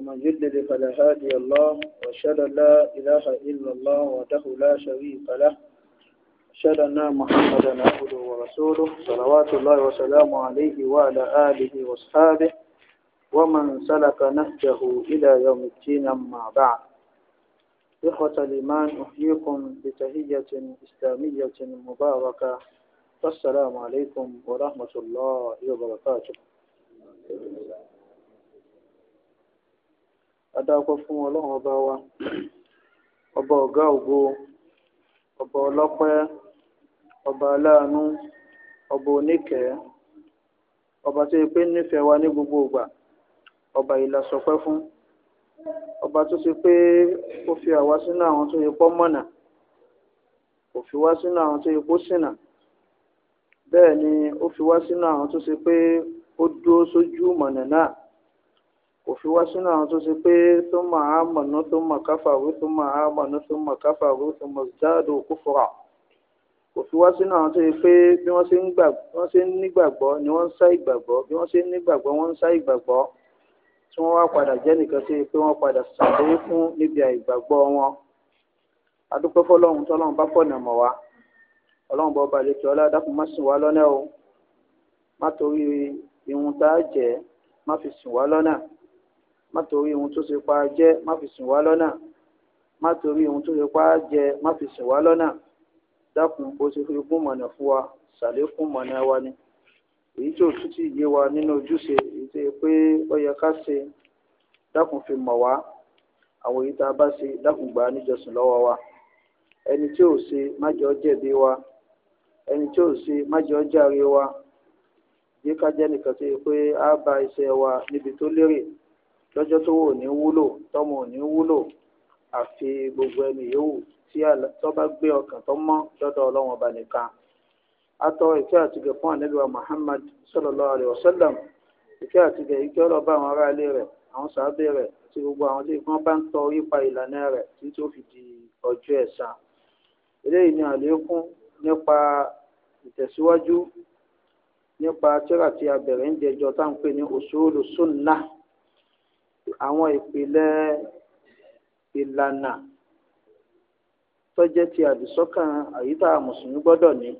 ومن يضلل فلا هادي الله وأشهد أن لا إله إلا الله وحده لا شريك له أشهد أن محمدا عبده ورسوله صلوات الله وسلامه عليه وعلى آله وأصحابه ومن سلك نهجه إلى يوم الدين أما بعد إخوة الإيمان أحييكم بتهية إسلامية مباركة والسلام عليكم ورحمة الله وبركاته adáwọ́pẹ́ fún ọlọ́run ọba wa ọba ọ̀gá ògo ọba ọlọ́pẹ́ ọba aláàánú ọba oníkẹ̀ẹ́ ọba tó yẹ pé nífẹ̀ẹ́ wa ní gbogbo ìgbà ọba ìlàsọpẹ́ fún ọba tó ṣe pé ó fi àwa sínú àwọn tó yẹ pọ́ mọ̀nà kò fi wá sínú àwọn tó yẹ kó ṣìnà bẹ́ẹ̀ ni ó fi wá sínú àwọn tó ṣe pé ó dúró sójú mọ̀nà náà kò fi wá sínú àwọn tó ṣe pé tó máa mọ̀nà tó mọ̀ káfàrú tó máa mọ̀nà tó mọ̀ káfàrú tó mọ̀ jáàdù kúfùrà kò fi wá sínú àwọn tó ṣe pé bí wọ́n ṣe ń nígbàgbọ́ ni wọ́n ń sá ìgbàgbọ́ bí wọ́n ṣe ń nígbàgbọ́ wọ́n ń sá ìgbàgbọ́ tí wọ́n wá padà jẹ́ nìkan ṣe pé wọ́n padà ṣàlàyé fún níbi àìgbàgbọ́ wọn adúpẹ́ fọlọ́run tọ́lọ́run má fi sìn wá lọ́nà má torí ohun tó ṣe pa jẹ má fi sìn wá lọ́nà má torí ohun tó ṣe pa jẹ má fi sìn wá lọ́nà dákun bó ṣe fi kún mọ̀nà fún wa ṣàlékún mọ̀nà wa ni èyí tí tún ti yé wa nínú ojúṣe èyí tó yẹ pé ó yẹ ká ṣe dákun fi mọ̀ wá àwọn èyí tá a bá ṣe dákun gbà níjọsìn lọ́wọ́ wa ẹni tí ò ṣe má jẹ́ ó jẹ̀bi wa ẹni tí ò ṣe má jẹ́ ó jàre wa yíká jẹ́ nìkan tó yẹ pé á ba iṣẹ́ wa níbi tó lérè lọ́jọ́ tó wò ní wúlò tọ́mọ ò ní wúlò àfi gbogbo ẹni yòówù tí tọ́ba gbé ọkàn tó mọ́ lọ́dọ̀ ọlọ́wọ́n ọba nìkan. atọ́ ìfẹ́ àtìgẹ̀ fún ànábìwá Muhammad sallallahu alaihi wasallam ìfẹ́ àtìgẹ̀ ìkẹ́ ọlọ́ba àwọn aráalé rẹ̀ àwọn sàábé rẹ̀ àti gbogbo àwọn tí wọ́n bá ń tọ ipa ìlànà rẹ̀ tí tó fi di ọjọ́ ẹ̀san. eléyìí ni àlékún nípa ìtẹ̀síwájú nípa tírà tí a usulu sunnah àwọn ìpìlẹ̀ ìlànà tó jẹ́ ti àdìsọ́kàn àyíká mùsùlùmí gbọ́dọ̀ ní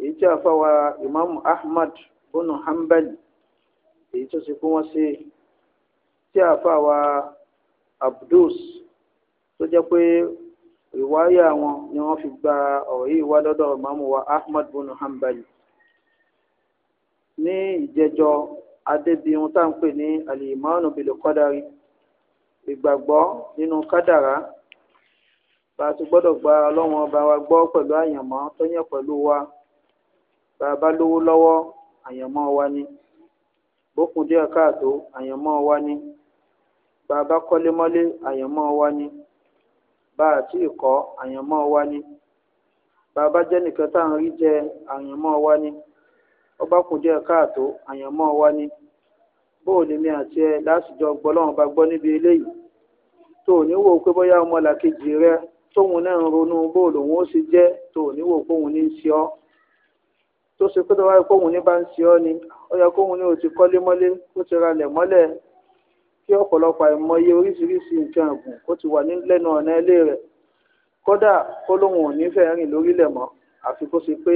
èyí tí àfáwa imam ahmad bunu hanbali èyí tó ti kún wọn sí tí àfáwa abdus tó jẹ́ pé ìwáyà wọn ni wọ́n fi gba ọ̀rọ̀ yìí wá lọ́dọ̀ imam wa ahmad bunu hanbali ní ìjẹjọ́ adébí ohun tá à ń pè ní alìmọ́ọ̀nù bìlù kọ́dárì ìgbàgbọ́ nínú kádàrá bá a ti gbọ́dọ̀ gba ọlọ́run ọba wa gbọ́ pẹ̀lú àyànmọ́ tó yẹ pẹ̀lú wa bá a bá lówó lọ́wọ́ àyànmọ́ wa ni bókun díẹ̀ káàtó àyànmọ́ wa ni bá a bá kọ́lé mọ́lé àyànmọ́ wa ni bá a tí ì kọ́ àyànmọ́ wa ni bá a bá jẹ́ nìkan tá à ń rí jẹ àyànmọ́ wa ni ọba kùdí ẹ̀ káàtó àyànmọ́ wa ni bóò lèmi àti ẹ lásìjọ gbọ́ lọ́wọ́n bá gbọ́ níbi eléyìí tó ò ní wò pé bóyá ọmọlàkejì rẹ tóun náà ń ronú bóò lòun ó sì jẹ́ tó ò ní wò pé òun ní í ṣe ọ́ tó ṣe pé tọ́wá kóun ní bá ń ṣe ọ́ ni ó yẹ kóun ní o ti kọ́lé mọ́lé ó ti ralẹ̀ mọ́lẹ̀ kí ọ̀pọ̀lọpọ̀ àìmọye oríṣiríṣi nǹkan ọ̀gùn ó ti wà lẹ́nu ọ̀nà ilé rẹ̀ kódà kó lóun ò ní fẹ́ rìn lórílẹ̀ mọ́ àfi kó ṣe pé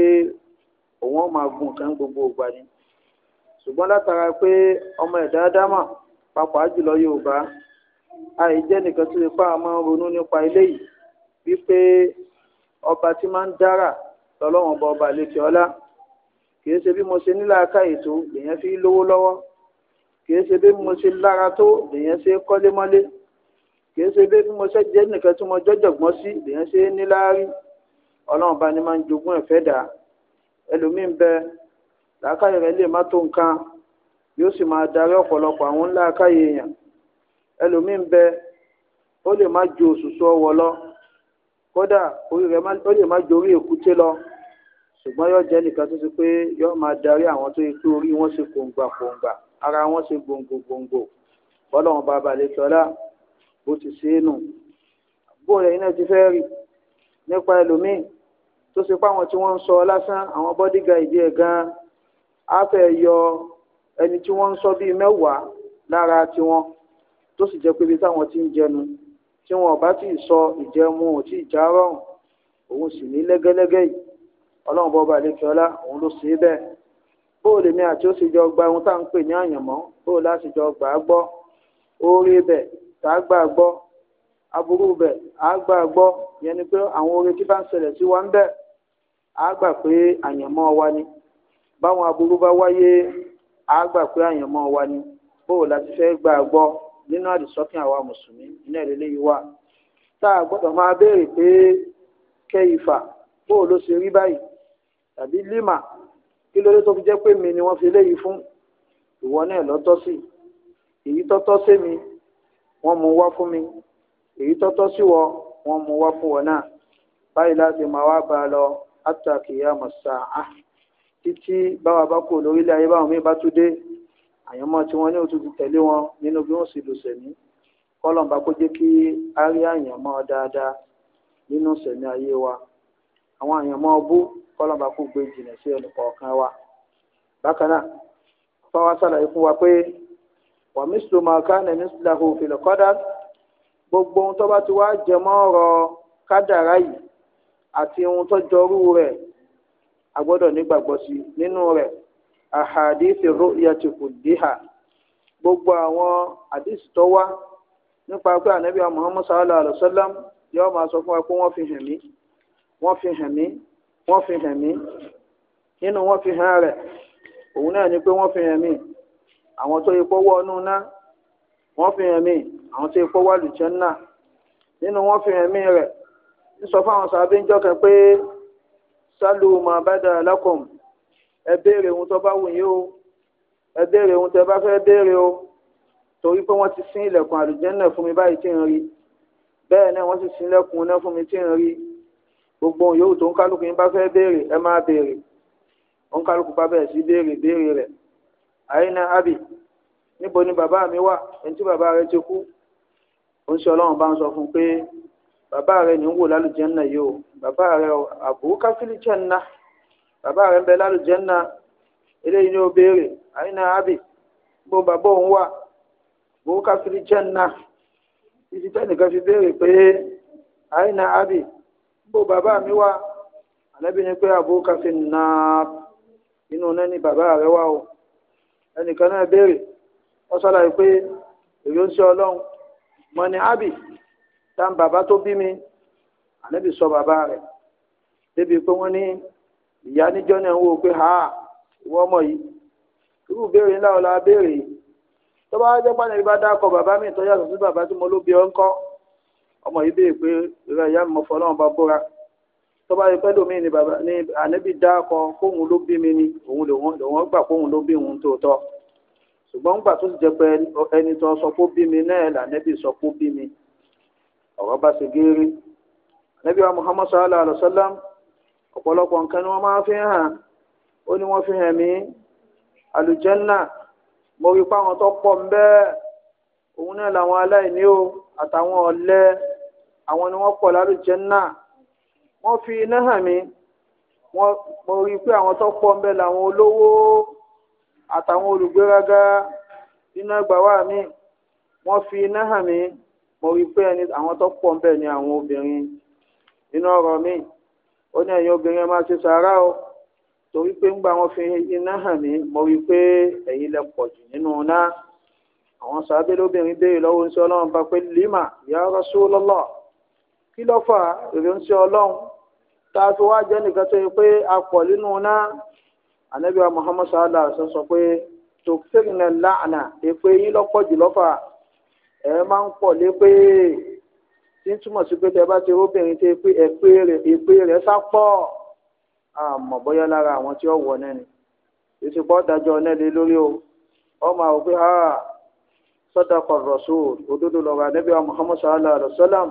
òun máa gun nǹkan gbogbo ògbà ni ṣùgbọ́n látara pé ọmọ ẹ̀dá dámà pàápàá jùlọ yorùbá àìjẹ́ nìkan tó lè pa àmọ́ ronú nípa eléyìí wípé ọba tí máa ń dára lọ́lọ́wọ́n bá ọba àlekè ọlá kìí ṣe bí mo ṣe ní làákàyè tó lèyẹn fi lówó lọ́wọ́ kìí ṣe bí mo ṣe lára tó lèyẹn ṣe kọ́lé kìí ṣe bí mo ṣe jẹ́ nìkan tí mo jọ́jọ̀gbọ́n sí lèyẹn ṣe ní ọlọ́run bá ní máa ń jogún ẹ̀fẹ́ dàá ẹlòmíín bẹ làákàyè rẹ̀ lè má tó nǹkan yóò sì máa darí ọ̀pọ̀lọpọ̀ àwọn ńlá àkàyè èèyàn ẹlòmíín bẹ ó lè má ju òṣùṣù ọwọ́ lọ kódà orí rẹ̀ ó lè má ju orí èkúté lọ ṣùgbọ́n yóò jẹ́ nìkan tó ti pé yóò máa darí àwọn tó yẹ pé orí wọn ṣe gbòǹgbà gbòǹgbà ara wọn ṣe gbòǹgbò gbòǹgbò bọ́lọ́run bá balẹ̀ tọ́lá bó ti ṣe é nù bó rẹ̀ iná ti fẹ́ rí nípa ẹlòmíín tó ṣe pé àwọn tí wọ́n ń sọ lásán àwọn bodyguard ẹ̀ gan á fẹ́ yọ ẹni tí wọ́n ń sọ bíi mẹ́wàá lára tiwọn tó sì jẹ́ pé ibi táwọn ti ń jẹnu tí wọn bá ti sọ ìjẹmu ò tí ì já rọrùn òun sì ní lẹ́gẹ́lẹ́gẹ́ yìí ọlọ́run bọ́ba àlekíọ́lá òun ló ṣe é bẹ́ẹ̀ bóò lèmi àti ó sì jọ gba ohun tá à ń pè ní àyànmọ́ bóò láti jọ gbà á gbọ́ oore bẹ̀ tá a gbà á gbọ́ aburú bẹ̀ á gbà á gbọ́ yẹn ni pé àwọn oore tí bá ń ṣẹlẹ̀ sí wa ń bẹ̀ á gbà pé àyànmọ́ wa ni báwọn aburú bá wáyé á gbà pé àyànmọ́ wa ni bóò láti fẹ́ gbà gbọ́ nínú àdìsọ́kàn àwa mùsùlùmí nínú ìrẹ̀lẹ̀ yìí wà tá a gbọ́dọ̀ máa béèrè pé kẹ́yìfà bóò ló ṣe rí báyìí tàbí lima kí ló dé tó fi jẹ́ pé mi ni wọ́n fi léyìí fún ìwọ náà lọ́tọ́ sí èyí tọ́tọ́ sí mi wọ́n mú wá fún mi èyí tọ́tọ́ sí wọ wọ́n mú wá fún wọn náà báyìí láti máa wá bá a lọ hatta qiyama as titi títí báwa bá kú lórílẹ̀ ayé báwọn míì bá tún dé àyànmọ́ tí wọ́n ní òtún ti tẹ̀lé wọn nínú bí wọ́n sì lò sẹ̀mí kọ́lọ̀ bá kó jẹ́ kí á rí àyànmọ́ dáadáa nínú sẹ̀mí ayé wa àwọn àyànmọ́ ọbú kọ́lọ̀ bá kó gbé jìnà sí ẹnìkọ̀ọ̀kan wa bákan náà fáwọn sàlàyé fún wa pé wa mislu ma kana mislahu fil qadar gbogbo ohun tó bá ti wá jẹmọ́ ọ̀rọ̀ kádàrá yìí àti ohun tó jọrú rẹ̀ a gbọ́dọ̀ nígbàgbọ́ sí nínú rẹ̀ àhàdíìsì ru'yati kuddiha gbogbo àwọn àdìsí tó wá nípa pé ànábì Muhammad sallallahu alayhi wa sallam yóò máa sọ fún wa pé wọ́n fi hàn mí wọ́n fi hàn mí wọ́n fi hàn mí nínú wọ́n fi hàn rẹ̀ òun náà ni pé wọ́n fi hàn mí àwọn tó yẹ kó wọ inú ná fi hàn mí àwọn tó yẹ kó wọ àlùjánnà nínú wọ́n fi hàn mí rẹ̀ sọ fáwọn sàbí ń jọkàn pé sálù mà bàdà lakum ẹ béèrè ohun tó bá wù yín o ẹ béèrè ohun tẹ́ bá fẹ́ béèrè o torí pé wọ́n ti ṣí ilẹ̀kùn àlùjẹ́nà fún mi báyìí tí ń rí bẹ́ẹ̀ náà wọ́n sì ṣí ilẹ̀kùn náà fún mi tí ń rí gbogbo ohun yòówù tó ń kálukú yín bá fẹ́ béèrè ẹ máa béèrè ó kálukú bá bẹ̀rẹ̀ sí béèrè béèrè rẹ̀ àyínà àbí níbo ni bàbá mi wà ẹni tí bàbá rẹ ti kú ó ọlọ́run bá ń sọ fún pé baba rẹ ní ń wò lálùjẹ́nà yìí o bàbá rẹ o àbúkà fìlìjẹ́nà bàbá rẹ ń bẹ lálùjẹ́nà eléyìí ni ó béèrè àyínà ábì bó bàbá òun wà àbúkà fìlìjẹ́nà títí tẹ́nìkan fi béèrè pé àyínà ábì bó bàbá mi wà ànábì ni pé àbúkà fi nà ni baba rẹ o ẹnìkan náà béèrè wọ́n sọ́la yìí pé èyí ń ṣe tan bàbá tó bí mi ànábì sọ bàbá rẹ̀ débi pé wọ́n ní ìyá níjọ́ náà ń wò pé ha ìwọ ọmọ yìí irú béèrè ńlá ọ̀la béèrè tó bá jẹ́ pàdé bí bá dákọ̀ bàbá mi tó yàtọ̀ sí bàbá tí mo ló bí ọ ń kọ́ ọmọ yìí béèrè pé ìrẹ̀ ìyá mi mo fọ́ lọ́wọ́ bá tó bá yẹ pẹ́ lómi ni bàbá ni ànábì dákọ̀ kóhun ló bí mi ni òun lòun gbà kóhun ló bí òun tòótọ́ ṣùgbọ́n gbà tó ti jẹ́ pé ẹni tó sọ pé bí mi náà lànẹ́bì sọ pé bí mi ọ̀rọ̀ bá ṣe géèrè Ànábì wa Muhammad sallallahu alayhi wa sallam ọ̀pọ̀lọpọ̀ nǹkan ni wọ́n máa fi hàn ó ní wọ́n fi hàn mí àlùjànnà mo rí páwọn tó pọ̀ ń bẹ́ẹ̀ òun náà làwọn aláìní o àtàwọn ọ̀lẹ àwọn ni wọ́n pọ̀ lálùjànnà wọ́n fi iná hàn mí mo rí pé àwọn tó pọ̀ ń bẹ́ẹ̀ làwọn olówó àtàwọn olùgbéraga iná gbà wá mi wọ́n fi iná hàn mí. mo rí pé ẹni àwọn tó pọ̀ ńbẹ̀ ni àwọn obìnrin nínú ọ̀rọ̀ mi ó ní ẹ̀yin obìnrin máa ṣe sàárà o torí pé gba wọn fi iná hàn mí mo rí pé ẹ̀yin lẹ pọ̀ jù nínú iná àwọn sàábé lóbìnrin béèrè lọ́wọ́ oníṣẹ́ ya kí ló fà èrè oníṣẹ́ ọlọ́run tá a fi wá jẹ́ nìkan tó a pọ̀ nínú Muhammad sallallahu alaihi sọ pé èpè yín lọ́pọ̀ ẹ máa ń pọ̀ lé pé tí ń túmọ̀ sí pé tẹ bá ti róbìnrin tẹ pé èpè rẹ̀ èpè rẹ̀ sá pọ̀ àmọ́ bóyá lára àwọn tí ó wọ̀ náà ni ìsìnkú ọ̀dájọ́ náà lórí o ọmọ àwọn pé sadaqa rasul òdodo lọ́rọ̀ àdẹ́bíà muhammad sallallahu alayhi wa sallam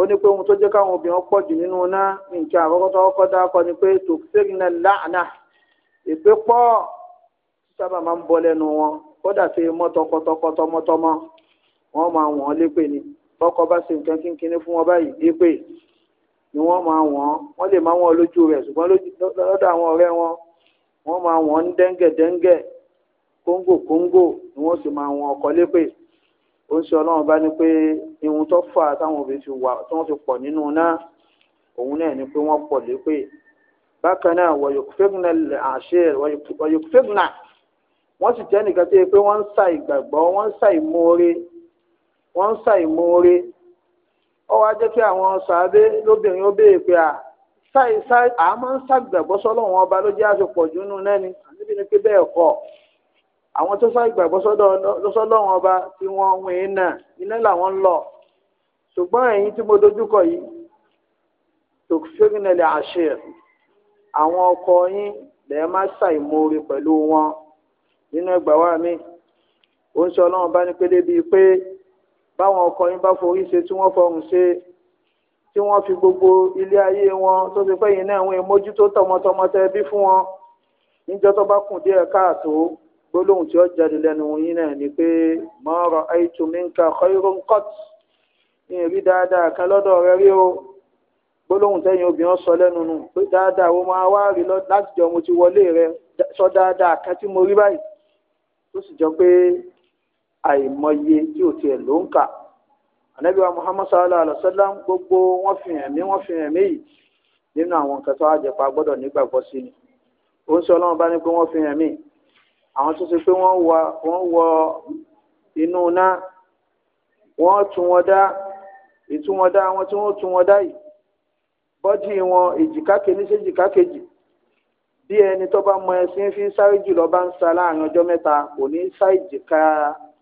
ó ní pé ohun tó jẹ́ káwọn obìnrin pọ̀ jù nínú iná nǹkan àkọ́kọ́ tó kọ́kọ́ dákọ́ ni pé tòkítẹ́gìnà láàánà èpè pọ̀ sábà máa ń bọ́ lẹ́nu wọn kódà tí mọ́ tọkọtọkọ tọmọtọmọ wọ́n máa wọ́n lépè ni bọ́kọ bá ṣe nǹkan kínkínní fún wọn báyìí lépè ni wọ́n máa wọ́n wọ́n lè máa wọ́n lójú rẹ̀ ṣùgbọ́n lọ́dọ̀ àwọn ọ̀rẹ́ wọn wọ́n máa wọ́n ní dẹ́ngẹ̀dẹ́ngẹ̀ kóńgò kóńgò ni wọ́n sì máa wọ́n ọkọ lépè ó ń ṣe ọlọ́run bá ní pé ihun tó fà táwọn òbí fi wà tí wọ́n fi pọ̀ nínú náà òun náà ni pé wọ́n pọ̀ lépè bákan náà wọ̀yọ̀kùfẹ́gùnà àṣẹ wọ̀yọ̀kùfẹ́gùnà wọ́n sì jẹ́ nìkan tó wọ́n ń sa ìgbàgbọ́ wọ́n ń sa ìmoore wọ́n ń ṣàìmoore ó wá jẹ́ kí àwọn sàábé lóbìnrin ó béèrè pé à ṣáì ṣáì à máa ń ṣàgbàgbọ́ sọ́lọ́run ọba ló jẹ́ àṣepọ̀ jù nù náà ni àníbi ni pé bẹ́ẹ̀ kọ́ àwọn tó ṣàgbàgbọ́ sọ́lọ́run ọba tí wọ́n wìn ín náà iná làwọn ń lọ ṣùgbọ́n ẹ̀yin tí mo dojúkọ yìí tòkìfẹ́gìnẹ̀lẹ̀ àṣẹ àwọn ọkọ yín lẹ́ẹ̀ má ṣàìmoore pẹ̀lú wọn nínú ẹgbàá wa mi ó ń ṣe ọlọ́run bá ní pé débi pé báwọn ọkọ yín bá forí ṣe tí wọ́n fọrùn ṣe tí wọ́n fi gbogbo ilé ayé wọn tó ti pẹ́yìn náà wọn mójútó tọmọtọmọ tẹ bí fún wọn níjọ́ tó bá kùn díẹ̀ káàtó gbólóhùn tí ó jáde lẹ́nu yín náà ni pé ma ra'aytu minka khayran qat ní èrí dáadáa kan lọ́dọ̀ rẹ rí o gbólóhùn tẹ́yìn obìnrin sọ lẹ́nu nù pé dáadáa wo máa wá rí láti jọ mo ti wọlé rẹ sọ dáadáa kan tí mo rí báyìí tó sì jọ pé àìmọye tí ò tiẹ̀ ló ń kà ànábì muhammad sallallahu alayhi wa sallam gbogbo wọn fi hàn mí wọn fi hàn mí yìí nínú àwọn nǹkan tó àjẹpá gbọ́dọ̀ nígbàgbọ́ sí ni ó ń sọ ọlọ́run bá ní pé wọ́n fi hàn mí àwọn tó ṣe pé wọ́n wọ inú iná wọ́n tún wọn dá ìtún wọn dá wọn tí wọ́n tún wọn dá yìí bọ́dì wọn èjìká kejì séjìká bí ẹni tó bá mọ ẹṣin fi ń sáré jùlọ bá ń sa láàrin ọjọ́ mẹ́ta kò ní sá èjìká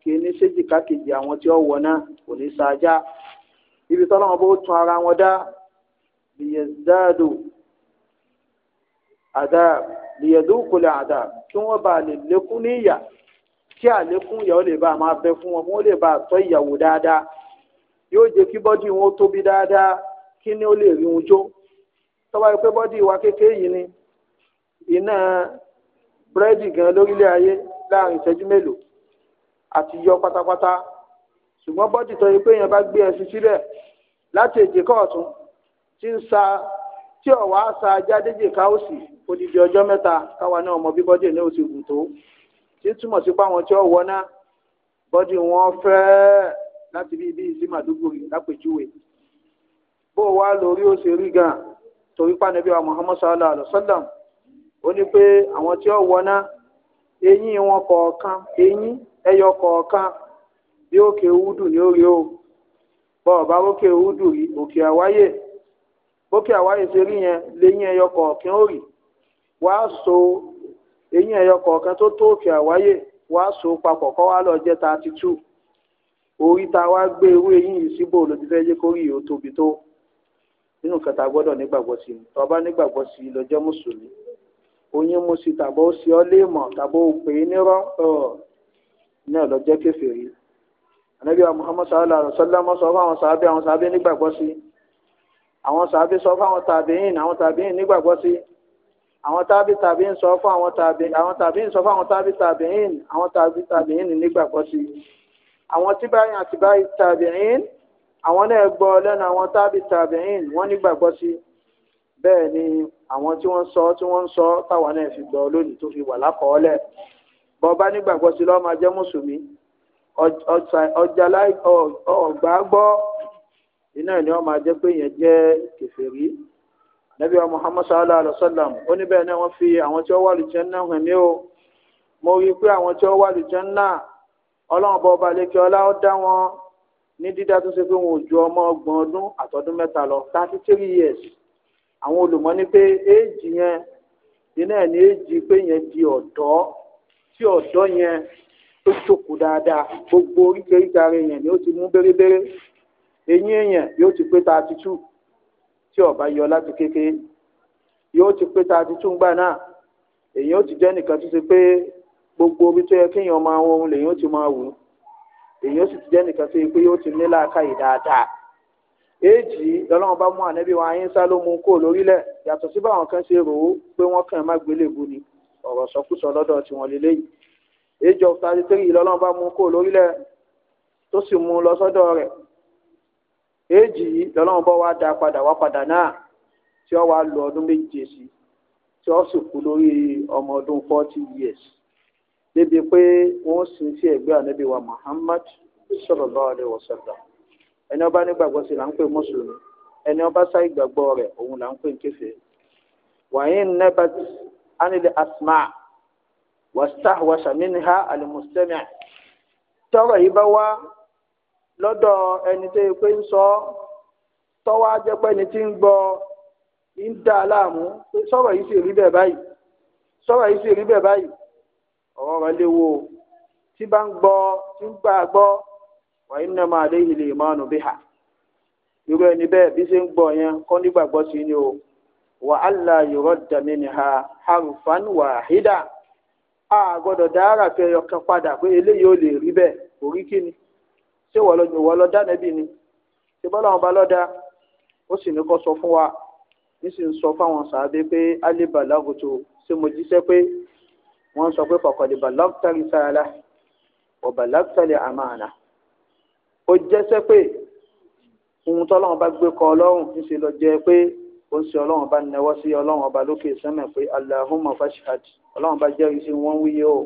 ṣe ní séjì kákejì àwọn tí ó wọ náà kò ní sáájá ibi tọ́lọ́ wọn bó tún ara wọn dá lìyẹ̀dáàdù àdá lìyẹ̀dúkọlẹ̀ àdá kí wọ́n bá lè lékún ní ìyà kí àlékún ìyàwó lè bá máa bẹ fún wọn wọn lè bá tọ́ ìyàwó dáadáa yóò jẹ́ kí bọ́dì wọn tóbi dáadáa kí ni ó lè rí wọn jó tọ́ba pé bọ́dì wa kékeré yìí ni iná búrẹ́dì gan lórílẹ̀ ayé láàrin ìṣẹ́jú mélòó àti yọ pátápátá ṣùgbọ́n bọ́dì tó yẹ pé èèyàn bá gbé ẹṣin sílẹ̀ láti èjì kọ́ọ̀tún tí ń sa tí ọ̀wá sa jádéjì káòsì odidi ọjọ́ mẹ́ta káwa náà mọ bí bọ́dì náà sì gùn tó tí túmọ̀ sí páwọn tí ó wọ náà bọ́dì wọn fẹ́ láti bí ibi ìsí màdúgbòrì lápèjúwe bó wá lórí ó ṣe rí gan torí pánibí wa Muhammad sallallahu alaihi wa sallam ó ní pé àwọn tí ó wọ náà eyín wọn kọ̀ọ̀kan eyín ẹyọ kọ̀ọ̀kan bí òkè ewúdù ní orí o bọ́ọ̀bá òkè ewúdù rí òkè àwáyè bókè àwáyè ṣe rí yẹn lẹ́yìn ẹyọ kọ̀ọ̀kan ó rí wàá so tó tó òkè àwáyè so papọ̀ kọ́ lọ jẹ́ thirty two orí wá gbé ewé eyín yìí síbò ló fẹ́ jẹ́ kórìí tóbi tó nínú kẹta gbọ́dọ̀ nígbàgbọ́ sí i náà lọ jẹ́ kèfèrí anabi wa muhammad sallallahu alaihi wa sallam sọ fún àwọn sàábé àwọn sàábé nígbàgbọ́ sí àwọn sàábé sọ fún àwọn tàbíyìn àwọn tàbíyìn nígbàgbọ́ sí àwọn tàbí tàbíyìn sọ fún àwọn tàbíyìn àwọn tàbíyìn sọ fún àwọn tàbí tàbíyìn àwọn tàbí tàbíyìn nígbàgbọ́ sí àwọn tí báyìí àti báyìí tàbíyìn àwọn náà gbọ́ lẹ́nu àwọn tàbí tàbíyìn wọ́n nígbàgbọ́ sí bẹ́ẹ̀ ni àwọn tí wọ́n sọ tí wọ́n sọ táwa náà fi gbọ́ lónìí tó fi wà lákọọ́lẹ̀ bọba nígbàgbọ́ sí lọ́ọ́ máa jẹ́ mùsùlùmí ọjà láì ọgbà gbọ́ iná ẹ̀ ni wọ́n máa pé yẹn jẹ́ kèfèrí nàbí wa muhammad sallallahu alayhi wa sallam ó ní bẹ́ẹ̀ náà wọ́n fi àwọn tí wọ́n wà lùjẹ́ náà hàn mí o mo rí i pé àwọn tí wọ́n wà lùjẹ́ náà ọlọ́run bọ́ ọba lẹ́kẹ́ ọlá ó dá wọn ní dídá tó ṣe pé wọn ò ju ọmọ ọgbọ̀n ọdún àtọdún mẹ́ta lọ thirty three years àwọn olùmọ̀ ní pé éèjì yẹn iná ẹ̀ ní éèjì pé yẹn di ọ̀dọ́ tí ọ̀dọ́ yẹn tó jókòó dáadáa gbogbo oríkèéríkà yẹn ni ó ti mú bérébéré eyín èèyàn yóò ti pé thirty two tí ó bá yọ láti kékeré yóò ti pé thirty two ńgbà náà èèyàn ó ti jẹ́ nìkan tó ṣe pé gbogbo orí tó yẹ kéèyàn máa wọ ohun lèèyàn ó ti máa wù ú èèyàn ó sì ti jẹ́ nìkan tó yẹ pé yóò ti ní làákàyè dáadáa èjì lọ́lọ́run mú ànábì ayé ń sá ló mú kó lórílẹ̀ yàtọ̀ sí báwọn kan ṣe rò ó pé wọ́n kàn má gbélébú ni ọ̀rọ̀ sọkúsọ lọ́dọ̀ tiwọn lélẹ́yìí age of thirty three lọ́lọ́run bá mú kó lórílẹ̀ tó sì mú lọ sọ́dọ̀ rẹ̀ éèjì yìí lọ́lọ́run bá wá dá padà wá padà náà tí ó wá ọdún méje tí ó sì kú lórí ọmọ ọdún forty years débi pé wọ́n wa Muhammad ẹni nígbàgbọ́ sí là ń pè mùsùlùmí ẹni sá عن الأسماع واستحوش منها المستمع tọ́rọ̀ yìí bá wá lọ́dọ̀ ẹni tó yẹ pé ń sọ tọwọ ajẹpẹ ẹni tí ń gbọ́ ń dá a láàmú pé sọ̀rọ̀ yìí sì rí bẹ́ẹ̀ báyìí sọ̀rọ̀ yìí sì rí bẹ́ẹ̀ báyìí ọ̀rọ̀ rẹ̀ léwu o tí bá ń gbọ́ tí ń gbà gbọ́ wàá iná máa lé ilé ìmọ̀ọ́nù bí hà irú ẹni bẹ́ẹ̀ bí ṣe ń gbọ́ yẹn kọ́ nígbàgbọ́ sí ni o wa alla yuradda minha harfan wahida a gbọ́dọ̀ dára fi ẹyọ kan padà pé eléyìí ò lè rí bẹ́ẹ̀ kò rí kí ni ṣé wọ́n lọ́jọ́ wọ́n lọ́dá nẹ́bí ni ṣé bọ́lá wọn bá lọ́dá ó sì ní kó sọ fún wa ní sì ń sọ fáwọn sàábé pé alébà lágòtò ṣé mo jíṣẹ́ pé wọ́n sọ pé fọkànlẹ̀ bàlágùtàlì sáyàlá ọ̀bàlágùtàlì àmàna ó jẹ́sẹ́ pé ohun tọ́lọ́wọ́n bá gbé kọ́ ọlọ́run ń ṣe lọ jẹ́ pé ó ń ṣe ọlọ́run bá nẹwọ́ sí ọlọ́run ọba lókè sẹ́mẹ̀ pé Allahumma fashhad ọlọ́run bá jẹ́rìí sí wọ́n wíyé o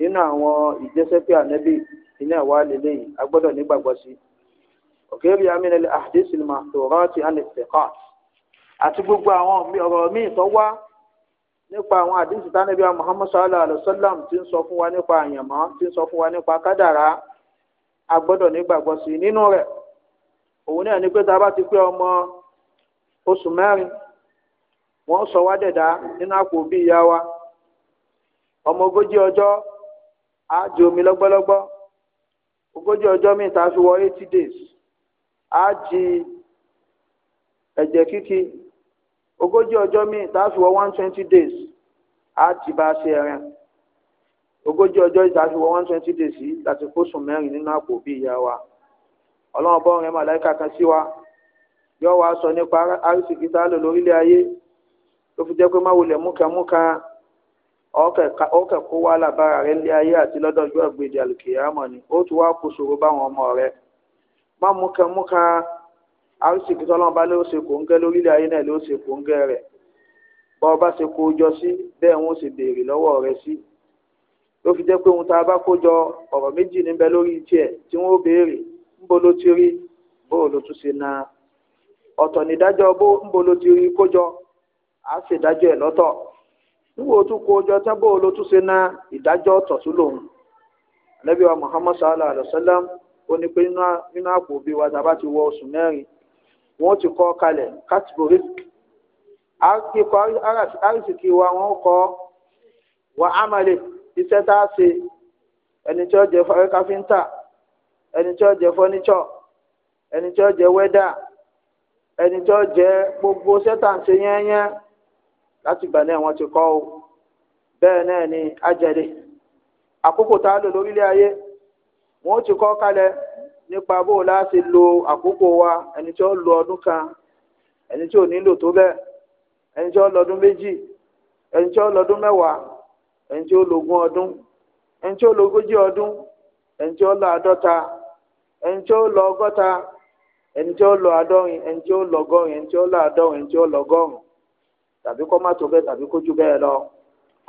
nínú àwọn ìjẹ́sẹ́ pé ànẹ́bì iná ẹ̀wá lélẹ́yìn a gbọ́dọ̀ nígbàgbọ́ sí òkèèrè amínẹ́lẹ́ àdéṣìlì màtòrọ́ọ̀tì anẹ́tẹ̀kọ́ àti gbogbo àwọn ọ̀rọ̀ míì tó wá nípa àwọn àdéṣì tánẹ́bí Muhammad sallallahu alayhi wa sallam ti ń sọ fún wa nípa àyànmọ́ ti ń sọ fún wa nípa kádàrá a gbọ́dọ̀ nígbàgbọ́ sí nínú rẹ̀ òun náà ni pé tá a bá ti pé ọmọ oṣù mẹ́rin wọ́n sọ wá dẹ̀dá nínú àpò òbí ìyá wa ọmọ ogójì ọjọ́ a ji omi lọ́gbọ́lọ́gbọ́ ogójì ọjọ́ mi tá wọ eighty days A ji ẹ̀jẹ̀ kíkì ogójì ọjọ́ mi tá wọ one days bá a ṣe ẹran ogójì ọjọ́ tá fi wọ one twenty days yìí láti kó sùn mẹ́rin nínú àpò òbí wa ọlọ́run màláìka kan sí wa. yóò wá sọ nípa àrísìkí tá a lò lórílẹ̀ ayé ló fi jẹ́ pé má wulẹ̀ múkàmúkà ọ̀kẹ́ kó wá làbára rẹ̀ lé ayé àti lọ́dọ̀ ọjọ́ ìgbèdè àlùkìyàmọ̀ ni ó tún wá kó ṣòro báwọn ọmọ rẹ̀ má múkàmúkà àrísìkí tọ́lọ́n bá ló ṣe kò ń gẹ́ lórílẹ̀ ayé náà ṣe ti rí bó tún ọ̀tọ̀ nídájọ́ bó ń bo lo ti rí kójọ á sì dájọ́ ẹ̀ lọ́tọ̀ níbo tún kójọ tán bó lo tún ṣe ná ìdájọ́ ọ̀tọ̀ tún lòun ànábì wa muhammad sallallahu wa sallam ó ní pé nínú ti wọ oṣù mẹ́rin wọ́n ti kọ kalẹ kátìgórì kọ wà tá a ṣe ẹni tí ó káfíńtà ẹni tí ó ẹni tí ó ẹni tó jẹ gbogbo sẹ́tàǹsì yẹ́nyẹ́ láti gbà náà wọ́n ti kọ́ o bẹ́ẹ̀ náà ni ajẹ́lẹ̀ àkókò tá a lò lórílẹ̀ ayé wọ́n ti kọ́ kalẹ̀ nípa bó lo àkókò wa ẹni tó lo ọdún kan ẹni tí nílò tó bẹ́ẹ̀ ẹni tí ó méjì ẹni ẹni ọdún ẹni tí ó lọ àádọ́rin ẹni tí ó lọ ọgọ́rin ẹni tí ó lọ àádọ́rin ẹni tí ó lọ ọgọ́rùn tàbí kó má tó bẹ́ẹ̀ tàbí kó ju bẹ́ẹ̀ lọ